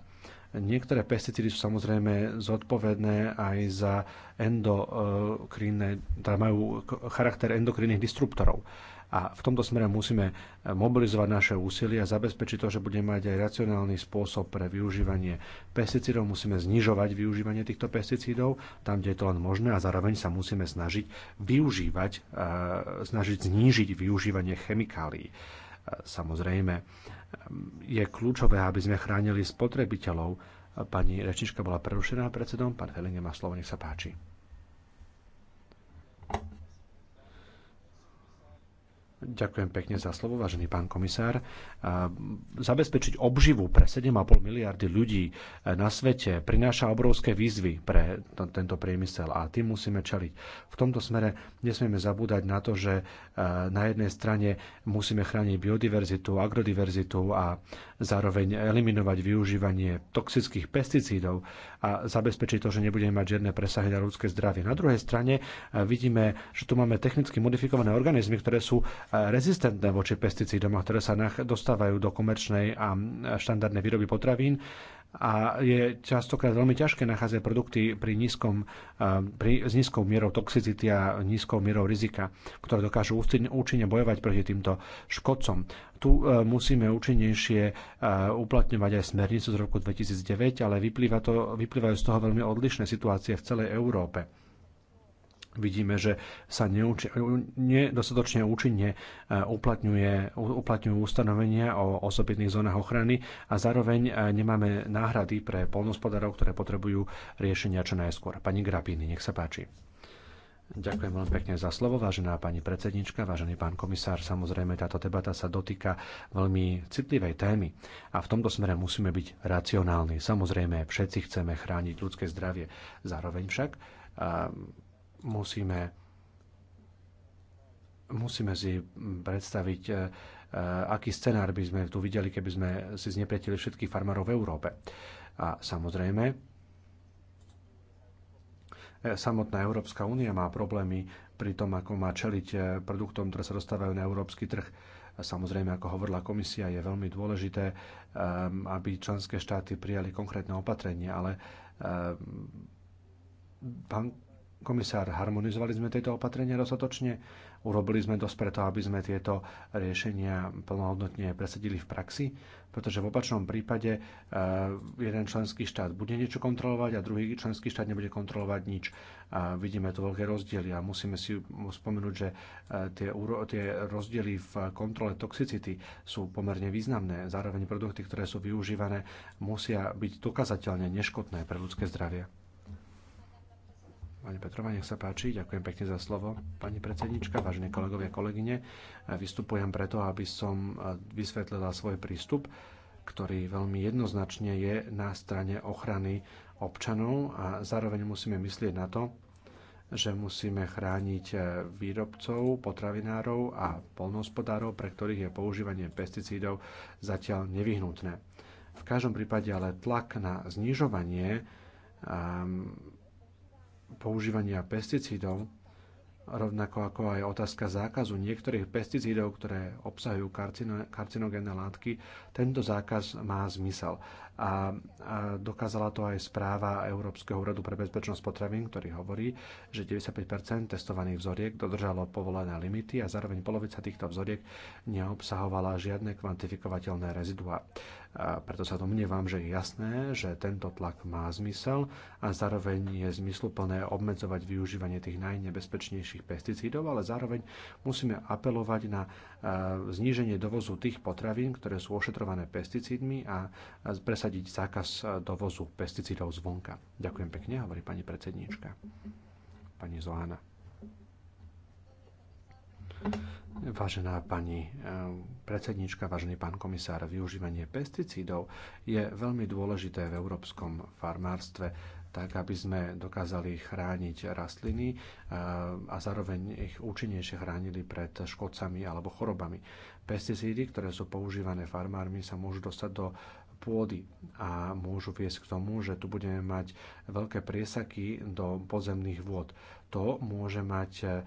Niektoré pesticídy sú samozrejme zodpovedné aj za endokrínne, teda majú charakter endokrinných disruptorov. A v tomto smere musíme mobilizovať naše úsilie a zabezpečiť to, že budeme mať aj racionálny spôsob pre využívanie pesticídov. Musíme znižovať využívanie týchto pesticídov tam, kde je to len možné a zároveň sa musíme snažiť využívať, e, snažiť znížiť využívanie chemikálií. E, samozrejme, je kľúčové, aby sme chránili spotrebiteľov. Pani rečnička bola prerušená predsedom. Pán Helene má slovo, nech sa páči. Ďakujem pekne za slovo, vážený pán komisár. Zabezpečiť obživu pre 7,5 miliardy ľudí e, na svete prináša obrovské výzvy pre tento priemysel a tým musíme čeliť. V tomto smere nesmieme zabúdať na to, že e, na jednej strane musíme chrániť biodiverzitu, agrodiverzitu a zároveň eliminovať využívanie toxických pesticídov a zabezpečiť to, že nebudeme mať žiadne presahy na ľudské zdravie. Na druhej strane e, vidíme, že tu máme technicky modifikované organizmy, ktoré sú rezistentné voči pesticídom, a ktoré sa dostávajú do komerčnej a štandardnej výroby potravín a je častokrát veľmi ťažké nachádzať produkty pri nízkom, pri, s nízkou mierou toxicity a nízkou mierou rizika, ktoré dokážu účinne bojovať proti týmto škodcom. Tu e, musíme účinnejšie e, uplatňovať aj smernicu z roku 2009, ale vyplýva to, vyplývajú z toho veľmi odlišné situácie v celej Európe vidíme, že sa neuči, nedostatočne účinne eh, uplatňuje, uplatňujú ustanovenia o osobitných zónach ochrany a zároveň eh, nemáme náhrady pre polnospodárov, ktoré potrebujú riešenia čo najskôr. Pani Grapiny, nech sa páči. Ďakujem veľmi pekne za slovo, vážená pani predsednička, vážený pán komisár. Samozrejme, táto debata sa dotýka veľmi citlivej témy a v tomto smere musíme byť racionálni. Samozrejme, všetci chceme chrániť ľudské zdravie. Zároveň však eh, musíme musíme si predstaviť, e, e, aký scenár by sme tu videli, keby sme si zneprietili všetkých farmárov v Európe. A samozrejme, e, samotná Európska únia má problémy pri tom, ako má čeliť produktom, ktoré sa dostávajú na európsky trh. Samozrejme, ako hovorila komisia, je veľmi dôležité, aby členské štáty prijali konkrétne opatrenie, ale pán komisár, harmonizovali sme tieto opatrenia dostatočne, urobili sme dosť preto, aby sme tieto riešenia plnohodnotne presadili v praxi, pretože v opačnom prípade e, jeden členský štát bude niečo kontrolovať a druhý členský štát nebude kontrolovať nič. A vidíme tu veľké rozdiely a musíme si spomenúť, že e, tie, tie rozdiely v kontrole toxicity sú pomerne významné. Zároveň produkty, ktoré sú využívané, musia byť dokazateľne neškodné pre ľudské zdravie. Pani Petrova, nech sa páči. Ďakujem pekne za slovo. Pani predsednička, vážne kolegovia, kolegyne, e, vystupujem preto, aby som e, vysvetlila svoj prístup, ktorý veľmi jednoznačne je na strane ochrany občanov a zároveň musíme myslieť na to, že musíme chrániť e, výrobcov, potravinárov a polnohospodárov, pre ktorých je používanie pesticídov zatiaľ nevyhnutné. V každom prípade ale tlak na znižovanie um, používania pesticídov, rovnako ako aj otázka zákazu niektorých pesticídov, ktoré obsahujú karcinogénne látky, tento zákaz má zmysel a, a dokázala to aj správa Európskeho úradu pre bezpečnosť potravín, ktorý hovorí, že 95% testovaných vzoriek dodržalo povolené limity a zároveň polovica týchto vzoriek neobsahovala žiadne kvantifikovateľné rezidua. A preto sa domnievam, že je jasné, že tento tlak má zmysel a zároveň je zmysluplné obmedzovať využívanie tých najnebezpečnejších pesticídov, ale zároveň musíme apelovať na e, zníženie dovozu tých potravín, ktoré sú ošetrované pesticídmi a presadzovať presadiť zákaz e, dovozu pesticídov zvonka. Ďakujem pekne, hovorí pani predsedníčka. Pani Zohana. Vážená pani e, predsednička, vážený pán komisár, využívanie pesticídov je veľmi dôležité v európskom farmárstve, tak aby sme dokázali chrániť rastliny e, a zároveň ich účinnejšie chránili pred škodcami alebo chorobami. Pesticídy, ktoré sú používané farmármi, sa môžu dostať do pôdy a môžu viesť k tomu, že tu budeme mať veľké priesaky do pozemných vôd. To môže mať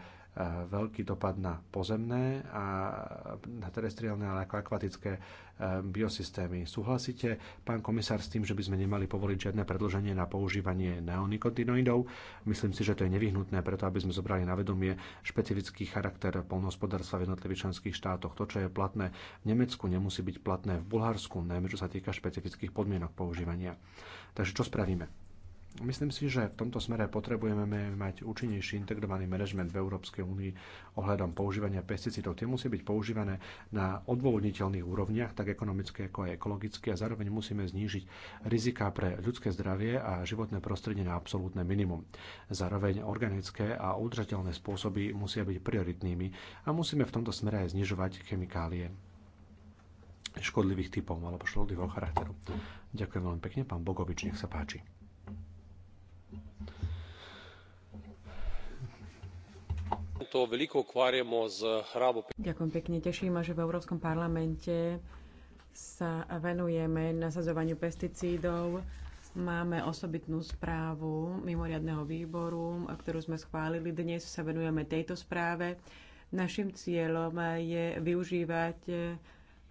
veľký dopad na pozemné a na terestriálne, ale ako akvatické e, biosystémy. Súhlasíte, pán komisár, s tým, že by sme nemali povoliť žiadne predlženie na používanie neonikotinoidov? Myslím si, že to je nevyhnutné preto, aby sme zobrali na vedomie špecifický charakter polnohospodárstva v jednotlivých členských štátoch. To, čo je platné v Nemecku, nemusí byť platné v Bulharsku, najmä čo sa týka špecifických podmienok používania. Takže čo spravíme? Myslím si, že v tomto smere potrebujeme mať účinnejší integrovaný manažment v Európskej únii ohľadom používania pesticídov. Tie musí byť používané na odôvodniteľných úrovniach, tak ekonomické ako aj ekologické a zároveň musíme znížiť rizika pre ľudské zdravie a životné prostredie na absolútne minimum. Zároveň organické a udržateľné spôsoby musia byť prioritnými a musíme v tomto smere aj znižovať chemikálie škodlivých typov alebo škodlivého charakteru. Ďakujem veľmi pekne, pán Bogovič, nech sa páči. Ďakujem pekne, teším ma, že v Európskom parlamente sa venujeme nasadzovaniu pesticídov. Máme osobitnú správu mimoriadného výboru, ktorú sme schválili. Dnes sa venujeme tejto správe. Našim cieľom je využívať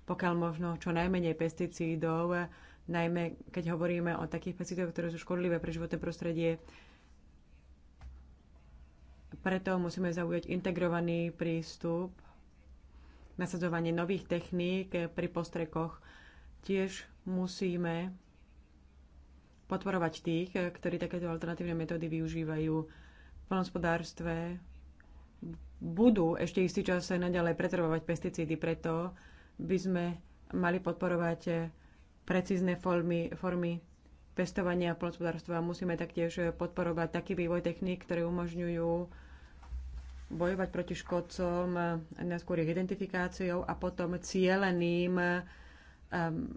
pokiaľ možno čo najmenej pesticídov, najmä keď hovoríme o takých pesticídoch, ktoré sú škodlivé pre životné prostredie. Preto musíme zaujať integrovaný prístup, nasadzovanie nových techník pri postrekoch. Tiež musíme podporovať tých, ktorí takéto alternatívne metódy využívajú v plnospodárstve. Budú ešte istý čas naďalej pretrvovať pesticídy, preto by sme mali podporovať precízne formy, formy pestovania a plnospodárstva. Musíme taktiež podporovať taký vývoj techník, ktoré umožňujú bojovať proti škodcom najskôr ich identifikáciou a potom cieleným um,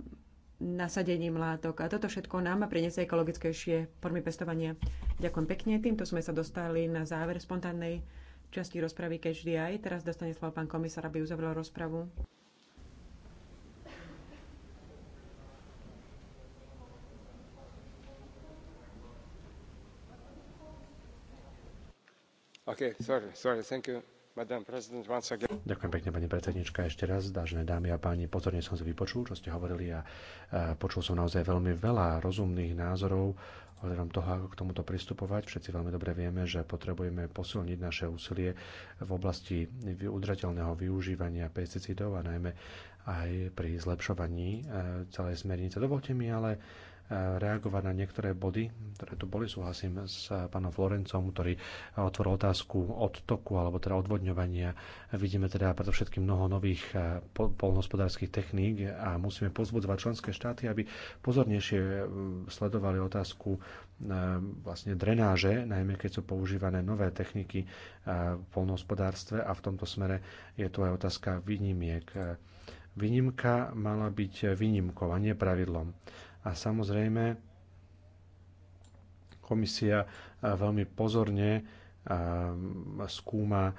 nasadením látok. A toto všetko nám priniesie ekologickejšie formy pestovania. Ďakujem pekne. Týmto sme sa dostali na záver spontánnej časti rozpravy KHDI. Teraz dostane slovo pán komisár, aby uzavrel rozpravu. Ďakujem pekne, pani predsednička, ešte raz, vážené dámy a páni, pozorne som si vypočul, čo ste hovorili a počul som naozaj veľmi veľa rozumných názorov ohľadom toho, ako k tomuto pristupovať. Všetci veľmi dobre vieme, že potrebujeme posilniť naše úsilie v oblasti udržateľného využívania pesticídov a najmä aj pri zlepšovaní e, celej smernice. Dovolte mi ale reagovať na niektoré body, ktoré tu boli. Súhlasím s pánom Florencom, ktorý otvoril otázku odtoku alebo teda odvodňovania. Vidíme teda predovšetkým mnoho nových eh, polnospodárských techník a musíme pozbudzovať členské štáty, aby pozornejšie eh, sledovali otázku eh, vlastne drenáže, najmä keď sú používané nové techniky v polnohospodárstve a v tomto smere je tu aj otázka výnimiek. Výnimka mala byť výnimkou a nie pravidlom a samozrejme komisia veľmi pozorne skúma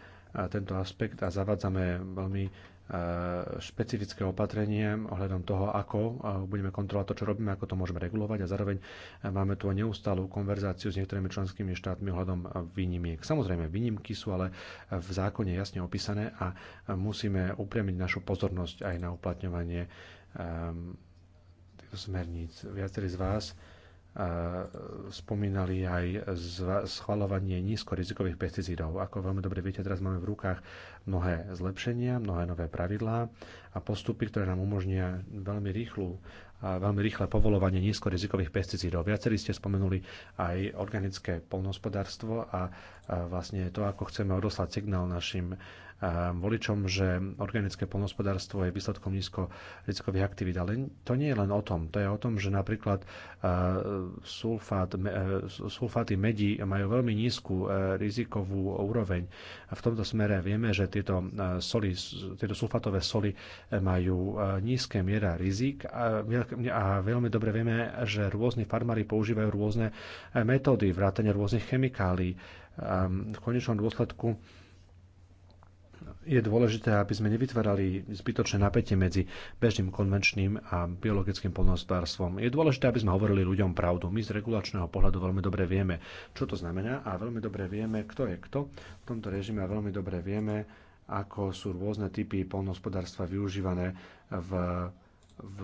tento aspekt a zavádzame veľmi špecifické opatrenie ohľadom toho, ako budeme kontrolovať to, čo robíme, ako to môžeme regulovať a zároveň máme tu neustálú konverzáciu s niektorými členskými štátmi ohľadom výnimiek. Samozrejme, výnimky sú ale v zákone jasne opísané a musíme upriamiť našu pozornosť aj na uplatňovanie smerníc. Viacerí z vás eh, spomínali aj schvalovanie nízkorizikových pesticídov. Ako veľmi dobre viete, teraz máme v rukách mnohé zlepšenia, mnohé nové pravidlá a postupy, ktoré nám umožnia veľmi rýchlu a veľmi rýchle povolovanie nízkorizikových pesticídov. Viacerí ste spomenuli aj organické polnospodárstvo a vlastne to, ako chceme odoslať signál našim voličom, že organické polnospodárstvo je výsledkom nízko rizikových aktivít. Ale to nie je len o tom. To je o tom, že napríklad e, sulfát, e, sulfáty medí majú veľmi nízku e, rizikovú úroveň. A v tomto smere vieme, že tieto, soli, tieto sulfatové soli majú nízke miera rizik a, a veľmi dobre vieme, že rôzni farmári používajú rôzne metódy, vrátane rôznych chemikálií. V konečnom dôsledku je dôležité, aby sme nevytvárali zbytočné napätie medzi bežným konvenčným a biologickým polnohospodárstvom. Je dôležité, aby sme hovorili ľuďom pravdu. My z regulačného pohľadu veľmi dobre vieme, čo to znamená a veľmi dobre vieme, kto je kto v tomto režime a veľmi dobre vieme, ako sú rôzne typy polnohospodárstva využívané v, v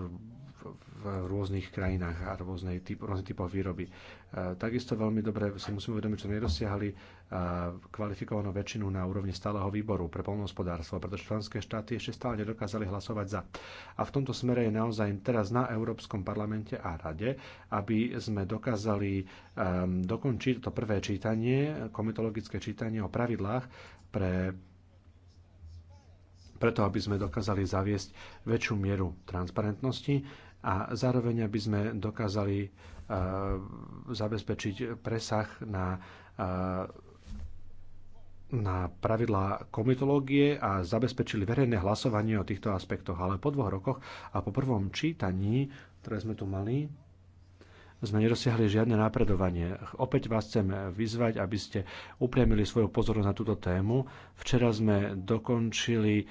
v rôznych krajinách a rôzne typ, rôzne typov výroby. E, takisto veľmi dobre si musíme uvedomiť, že nedosiahli e, kvalifikovanú väčšinu na úrovni stáleho výboru pre polnohospodárstvo, pretože členské štáty ešte stále nedokázali hlasovať za. A v tomto smere je naozaj teraz na Európskom parlamente a rade, aby sme dokázali e, dokončiť to prvé čítanie, komitologické čítanie o pravidlách pre preto aby sme dokázali zaviesť väčšiu mieru transparentnosti a zároveň, aby sme dokázali e, zabezpečiť presah na e, na pravidlá komitológie a zabezpečili verejné hlasovanie o týchto aspektoch. Ale po dvoch rokoch a po prvom čítaní, ktoré sme tu mali, sme nedosiahli žiadne napredovanie. Opäť vás chcem vyzvať, aby ste upriamili svoju pozornosť na túto tému. Včera sme dokončili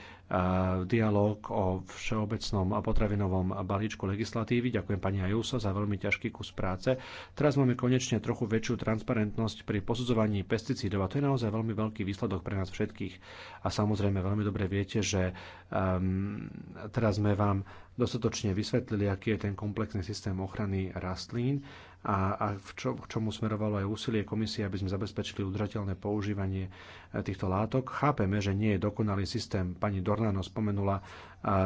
dialog o všeobecnom a potravinovom balíčku legislatívy. Ďakujem pani Ajuso za veľmi ťažký kus práce. Teraz máme konečne trochu väčšiu transparentnosť pri posudzovaní pesticídov a to je naozaj veľmi veľký výsledok pre nás všetkých. A samozrejme veľmi dobre viete, že um, teraz sme vám dostatočne vysvetlili, aký je ten komplexný systém ochrany rastlín a, a v čo, k čomu smerovalo aj úsilie komisie, aby sme zabezpečili udržateľné používanie e, týchto látok. Chápeme, že nie je dokonalý systém. Pani Dornano spomenula e,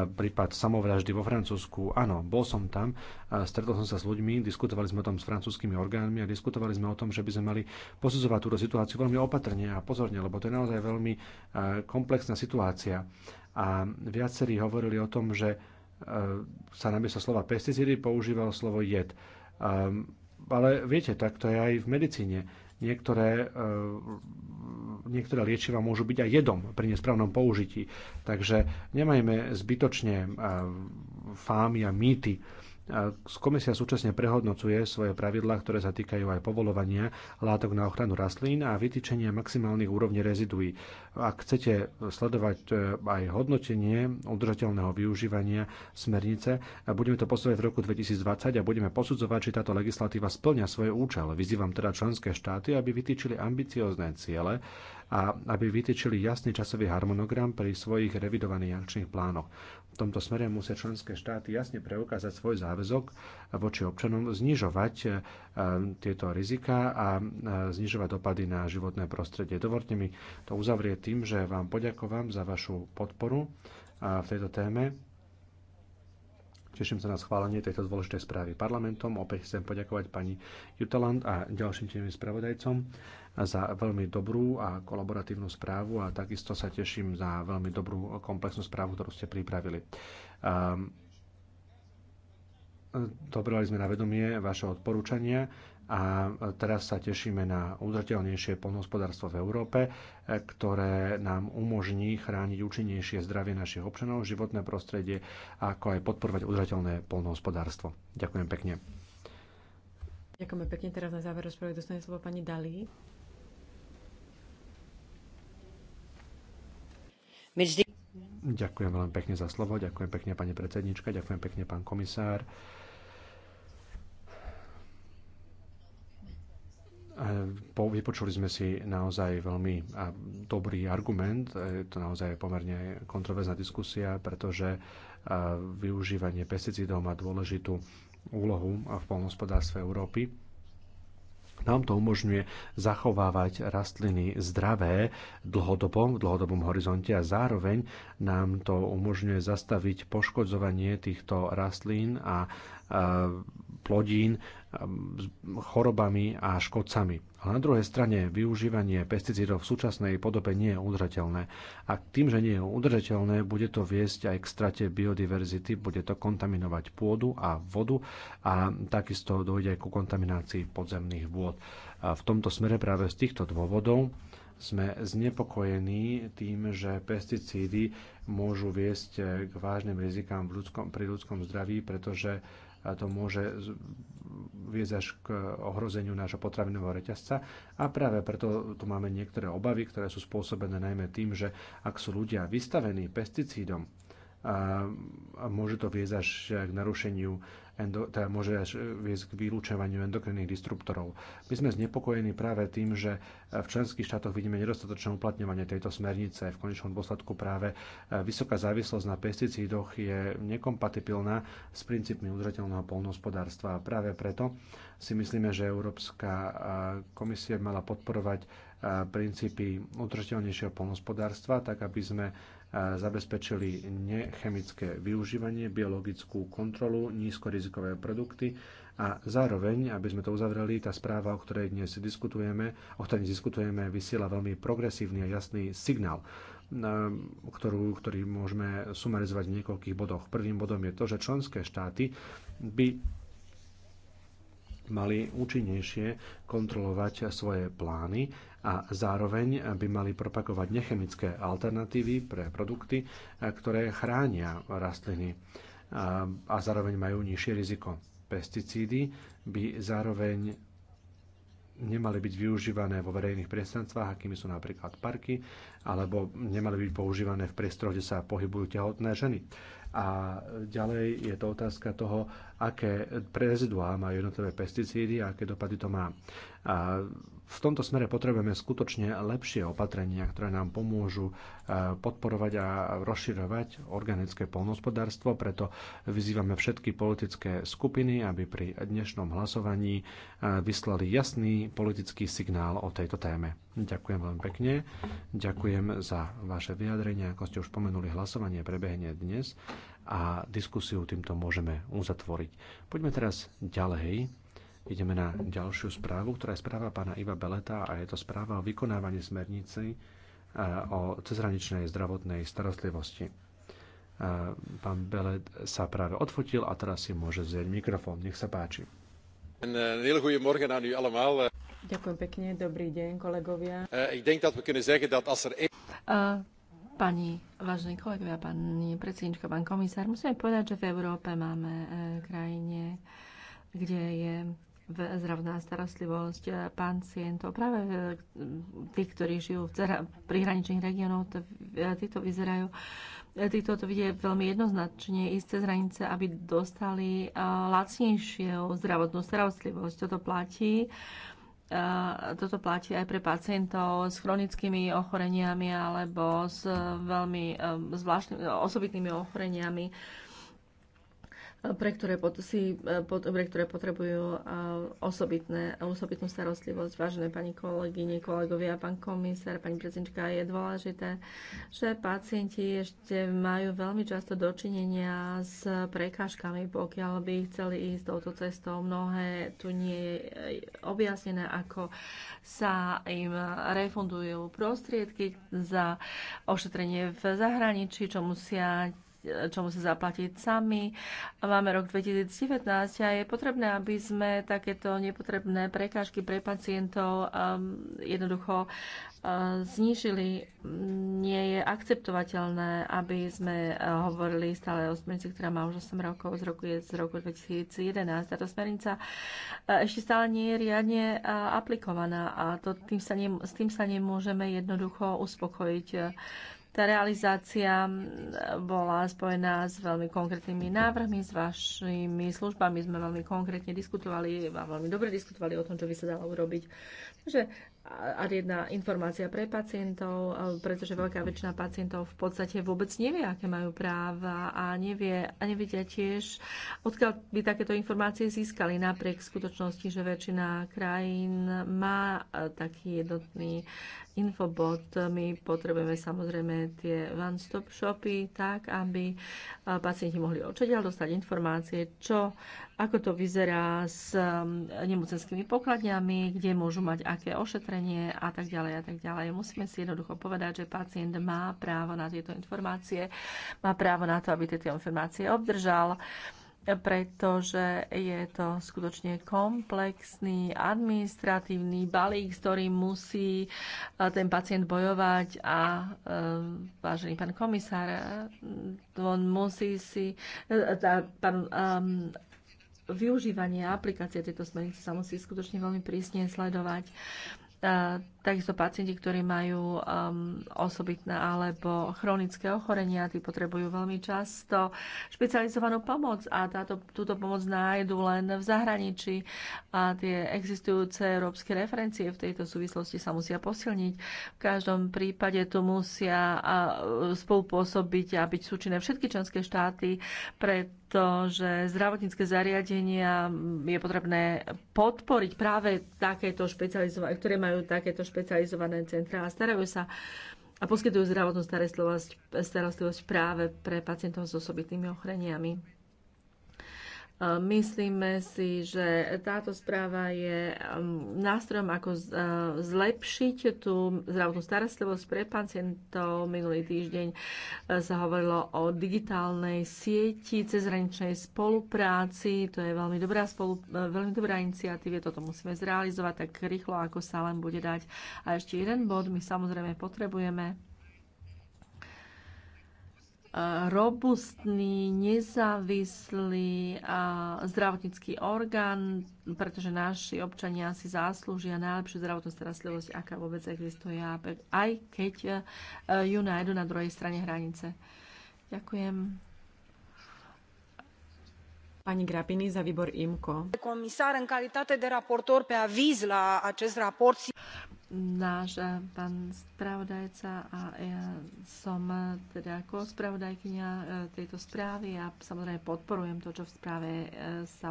prípad samovraždy vo Francúzsku. Áno, bol som tam, stretol som sa s ľuďmi, diskutovali sme o tom s francúzskými orgánmi a diskutovali sme o tom, že by sme mali posudzovať túto situáciu veľmi opatrne a pozorne, lebo to je naozaj veľmi e, komplexná situácia. A viacerí hovorili o tom, že sa namiesto slova pesticídy používalo slovo jed. Um, ale viete, tak to je aj v medicíne. Niektoré, e, niektoré liečiva môžu byť aj jedom pri nesprávnom použití. Takže nemajme zbytočne e, fámy a mýty Komisia súčasne prehodnocuje svoje pravidlá, ktoré sa týkajú aj povolovania látok na ochranu rastlín a vytýčenia maximálnych úrovní reziduí. Ak chcete sledovať e, aj hodnotenie udržateľného využívania smernice, budeme to posúvať v roku 2020 a budeme posudzovať, či táto legislatíva splňa svoj účel. Vyzývam teda členské štáty, aby vytýčili ambiciózne ciele a aby vytýčili jasný časový harmonogram pri svojich revidovaných akčných plánoch. V tomto smere musia členské štáty jasne preukázať svoj záväzok voči občanom, znižovať e, tieto rizika a e, znižovať dopady na životné prostredie. Dovolte mi to uzavrieť tým, že vám poďakovám za vašu podporu v tejto téme. Teším sa na schválenie tejto dôležitej správy parlamentom. Opäť chcem poďakovať pani Jutaland a ďalším tým spravodajcom za veľmi dobrú a kolaboratívnu správu a takisto sa teším za veľmi dobrú komplexnú správu, ktorú ste pripravili. Dobrali ehm, sme na vedomie vaše odporúčania a teraz sa tešíme na udržateľnejšie poľnohospodárstvo v Európe, e, ktoré nám umožní chrániť účinnejšie zdravie našich občanov, životné prostredie, ako aj podporovať udržateľné poľnohospodárstvo. Ďakujem pekne. Ďakujeme pekne. Teraz na záver rozprávy dostane slovo pani Dalí. Ďakujem veľmi pekne za slovo, ďakujem pekne pani predsednička, ďakujem pekne pán komisár. Vypočuli sme si naozaj veľmi dobrý argument, je to naozaj pomerne kontroverzná diskusia, pretože e, využívanie pesticídov má dôležitú úlohu v polnospodárstve Európy nám to umožňuje zachovávať rastliny zdravé dlhodobo, v dlhodobom horizonte a zároveň nám to umožňuje zastaviť poškodzovanie týchto rastlín a plodín chorobami a škodcami. A na druhej strane využívanie pesticídov v súčasnej podobe nie je udržateľné. A tým, že nie je udržateľné, bude to viesť aj k strate biodiverzity, bude to kontaminovať pôdu a vodu a takisto dojde aj ku kontaminácii podzemných vôd. A v tomto smere práve z týchto dôvodov sme znepokojení tým, že pesticídy môžu viesť k vážnym rizikám v ľudskom, pri ľudskom zdraví, pretože to môže viesť až k ohrozeniu nášho potravinového reťazca a práve preto tu máme niektoré obavy, ktoré sú spôsobené najmä tým, že ak sú ľudia vystavení pesticídom, a môže to viesť až k narušeniu endo, teda môže až e, viesť k vylúčovaniu endokrinných disruptorov. My sme znepokojení práve tým, že e, v členských štátoch vidíme nedostatočné uplatňovanie tejto smernice. V konečnom dôsledku práve e, vysoká závislosť na pesticídoch je nekompatibilná s princípmi udržateľného polnohospodárstva. práve preto si myslíme, že Európska komisia mala podporovať princípy udržateľnejšieho polnohospodárstva, tak aby sme zabezpečili nechemické využívanie, biologickú kontrolu, nízkorizikové produkty a zároveň, aby sme to uzavreli, tá správa, o ktorej dnes diskutujeme, o ktorej dnes diskutujeme, vysiela veľmi progresívny a jasný signál ktorú, ktorý môžeme sumarizovať v niekoľkých bodoch. Prvým bodom je to, že členské štáty by mali účinnejšie kontrolovať svoje plány a zároveň by mali propagovať nechemické alternatívy pre produkty, e, ktoré chránia rastliny e, a zároveň majú nižšie riziko. Pesticídy by zároveň nemali byť využívané vo verejných priestranstvách, akými sú napríklad parky, alebo nemali byť používané v priestoroch, kde sa pohybujú tehotné ženy. A ďalej je to otázka toho, aké prezidua majú jednotlivé pesticídy a aké dopady to má. A v tomto smere potrebujeme skutočne lepšie opatrenia, ktoré nám pomôžu e, podporovať a rozširovať organické polnospodárstvo, preto vyzývame všetky politické skupiny, aby pri dnešnom hlasovaní e, vyslali jasný politický signál o tejto téme. Ďakujem veľmi pekne, ďakujem za vaše vyjadrenia, ako ste už spomenuli, hlasovanie prebehne dnes a diskusiu týmto môžeme uzatvoriť. Poďme teraz ďalej. Ideme na ďalšiu správu, ktorá je správa pána Iva Beleta a je to správa o vykonávaní smernice e, o cezhraničnej zdravotnej starostlivosti. E, pán Belet sa práve odfotil a teraz si môže vziať mikrofón. Nech sa páči. Eh, Ďakujem pekne, dobrý deň kolegovia. Uh, Pani, vážení kolegovia, pani predsednička, pán komisár, musíme povedať, že v Európe máme e, krajine, kde je zdravná starostlivosť e, pacientov. Práve e, tí, ktorí žijú v prihraničných regiónoch, títo vyzerajú títo to vidie veľmi jednoznačne ísť cez hranice, aby dostali lacnejšiu zdravotnú starostlivosť. Toto platí toto platí aj pre pacientov s chronickými ochoreniami alebo s e, veľmi e, zvláštnymi osobitnými ochoreniami pre ktoré, pot, si, eh, pot, pre ktoré potrebujú eh, osobitné, osobitnú starostlivosť. Vážené pani kolegyne, kolegovia, pán komisár, pani prezidentka, je dôležité, že pacienti ešte majú veľmi často dočinenia s prekážkami, pokiaľ by chceli ísť touto cestou. Mnohé tu nie je eh, objasnené, ako sa im refundujú prostriedky za ošetrenie v zahraničí, čo musia čo musí zaplatiť sami. Máme rok 2019 a je potrebné, aby sme takéto nepotrebné prekážky pre pacientov um, jednoducho uh, znížili. Nie je akceptovateľné, aby sme uh, hovorili stále o smernici, ktorá má už 8 rokov, z roku je z roku 2011. Táto smernica uh, ešte stále nie je riadne aplikovaná a to, tým sa ne, s tým sa nemôžeme jednoducho uspokojiť tá realizácia mm, bola spojená s veľmi konkrétnymi návrhmi, s vašimi službami sme veľmi konkrétne diskutovali a veľmi dobre diskutovali o tom, čo by sa dalo urobiť. Takže a jedna informácia pre pacientov, e, pretože veľká väčšina pacientov v podstate vôbec nevie, aké majú práva a, nevie, a nevedia tiež, odkiaľ by takéto informácie získali, napriek skutočnosti, že väčšina krajín má e, taký jednotný infobot. My potrebujeme samozrejme tie one-stop shopy tak, aby pacienti mohli odčadiaľ dostať informácie, čo, ako to vyzerá s um, nemocenskými pokladňami, kde môžu mať aké ošetrenie a tak ďalej a tak ďalej. Musíme si jednoducho povedať, že pacient má právo na tieto informácie, má právo na to, aby tieto informácie obdržal pretože je to skutočne komplexný administratívny balík, s ktorým musí eh, ten pacient bojovať a eh, vážený pán komisár, eh, on musí si, tá, pán, um, využívanie aplikácie tejto smernice sa musí skutočne veľmi prísne sledovať Takisto pacienti, ktorí majú um, osobitné alebo chronické ochorenia, tí potrebujú veľmi často špecializovanú pomoc a táto, túto pomoc nájdu len v zahraničí a tie existujúce európske referencie v tejto súvislosti sa musia posilniť. V každom prípade tu musia spolupôsobiť a byť súčinné všetky členské štáty, pretože zdravotnícke zariadenia je potrebné podporiť práve takéto špecializované, ktoré majú takéto špecializované špecializované centra a starajú sa a poskytujú zdravotnú starostlivosť, starostlivosť práve pre pacientov s osobitnými ochreniami. Myslíme si, že táto správa je um, nástrojom, ako uh, zlepšiť tú zdravotnú starostlivosť pre pacientov. Minulý týždeň uh, sa hovorilo o digitálnej sieti, cezhraničnej spolupráci. To je veľmi dobrá, spolu, uh, veľmi dobrá iniciatíva. Toto musíme zrealizovať tak rýchlo, ako sa len bude dať. A ešte jeden bod my samozrejme potrebujeme robustný, nezávislý zdravotnícky orgán, pretože naši občania si zaslúžia najlepšiu zdravotnú starostlivosť, aká vôbec existuje, aj keď e, ju nájdu na druhej strane hranice. Ďakujem. Pani Grapini za výbor IMCO. Komisár, în calitate de raportor pe aviz la acest raport náš eh, pán spravodajca a ja eh, som eh, teda ako spravodajkynia tejto správy a samozrejme podporujem to, čo v správe sa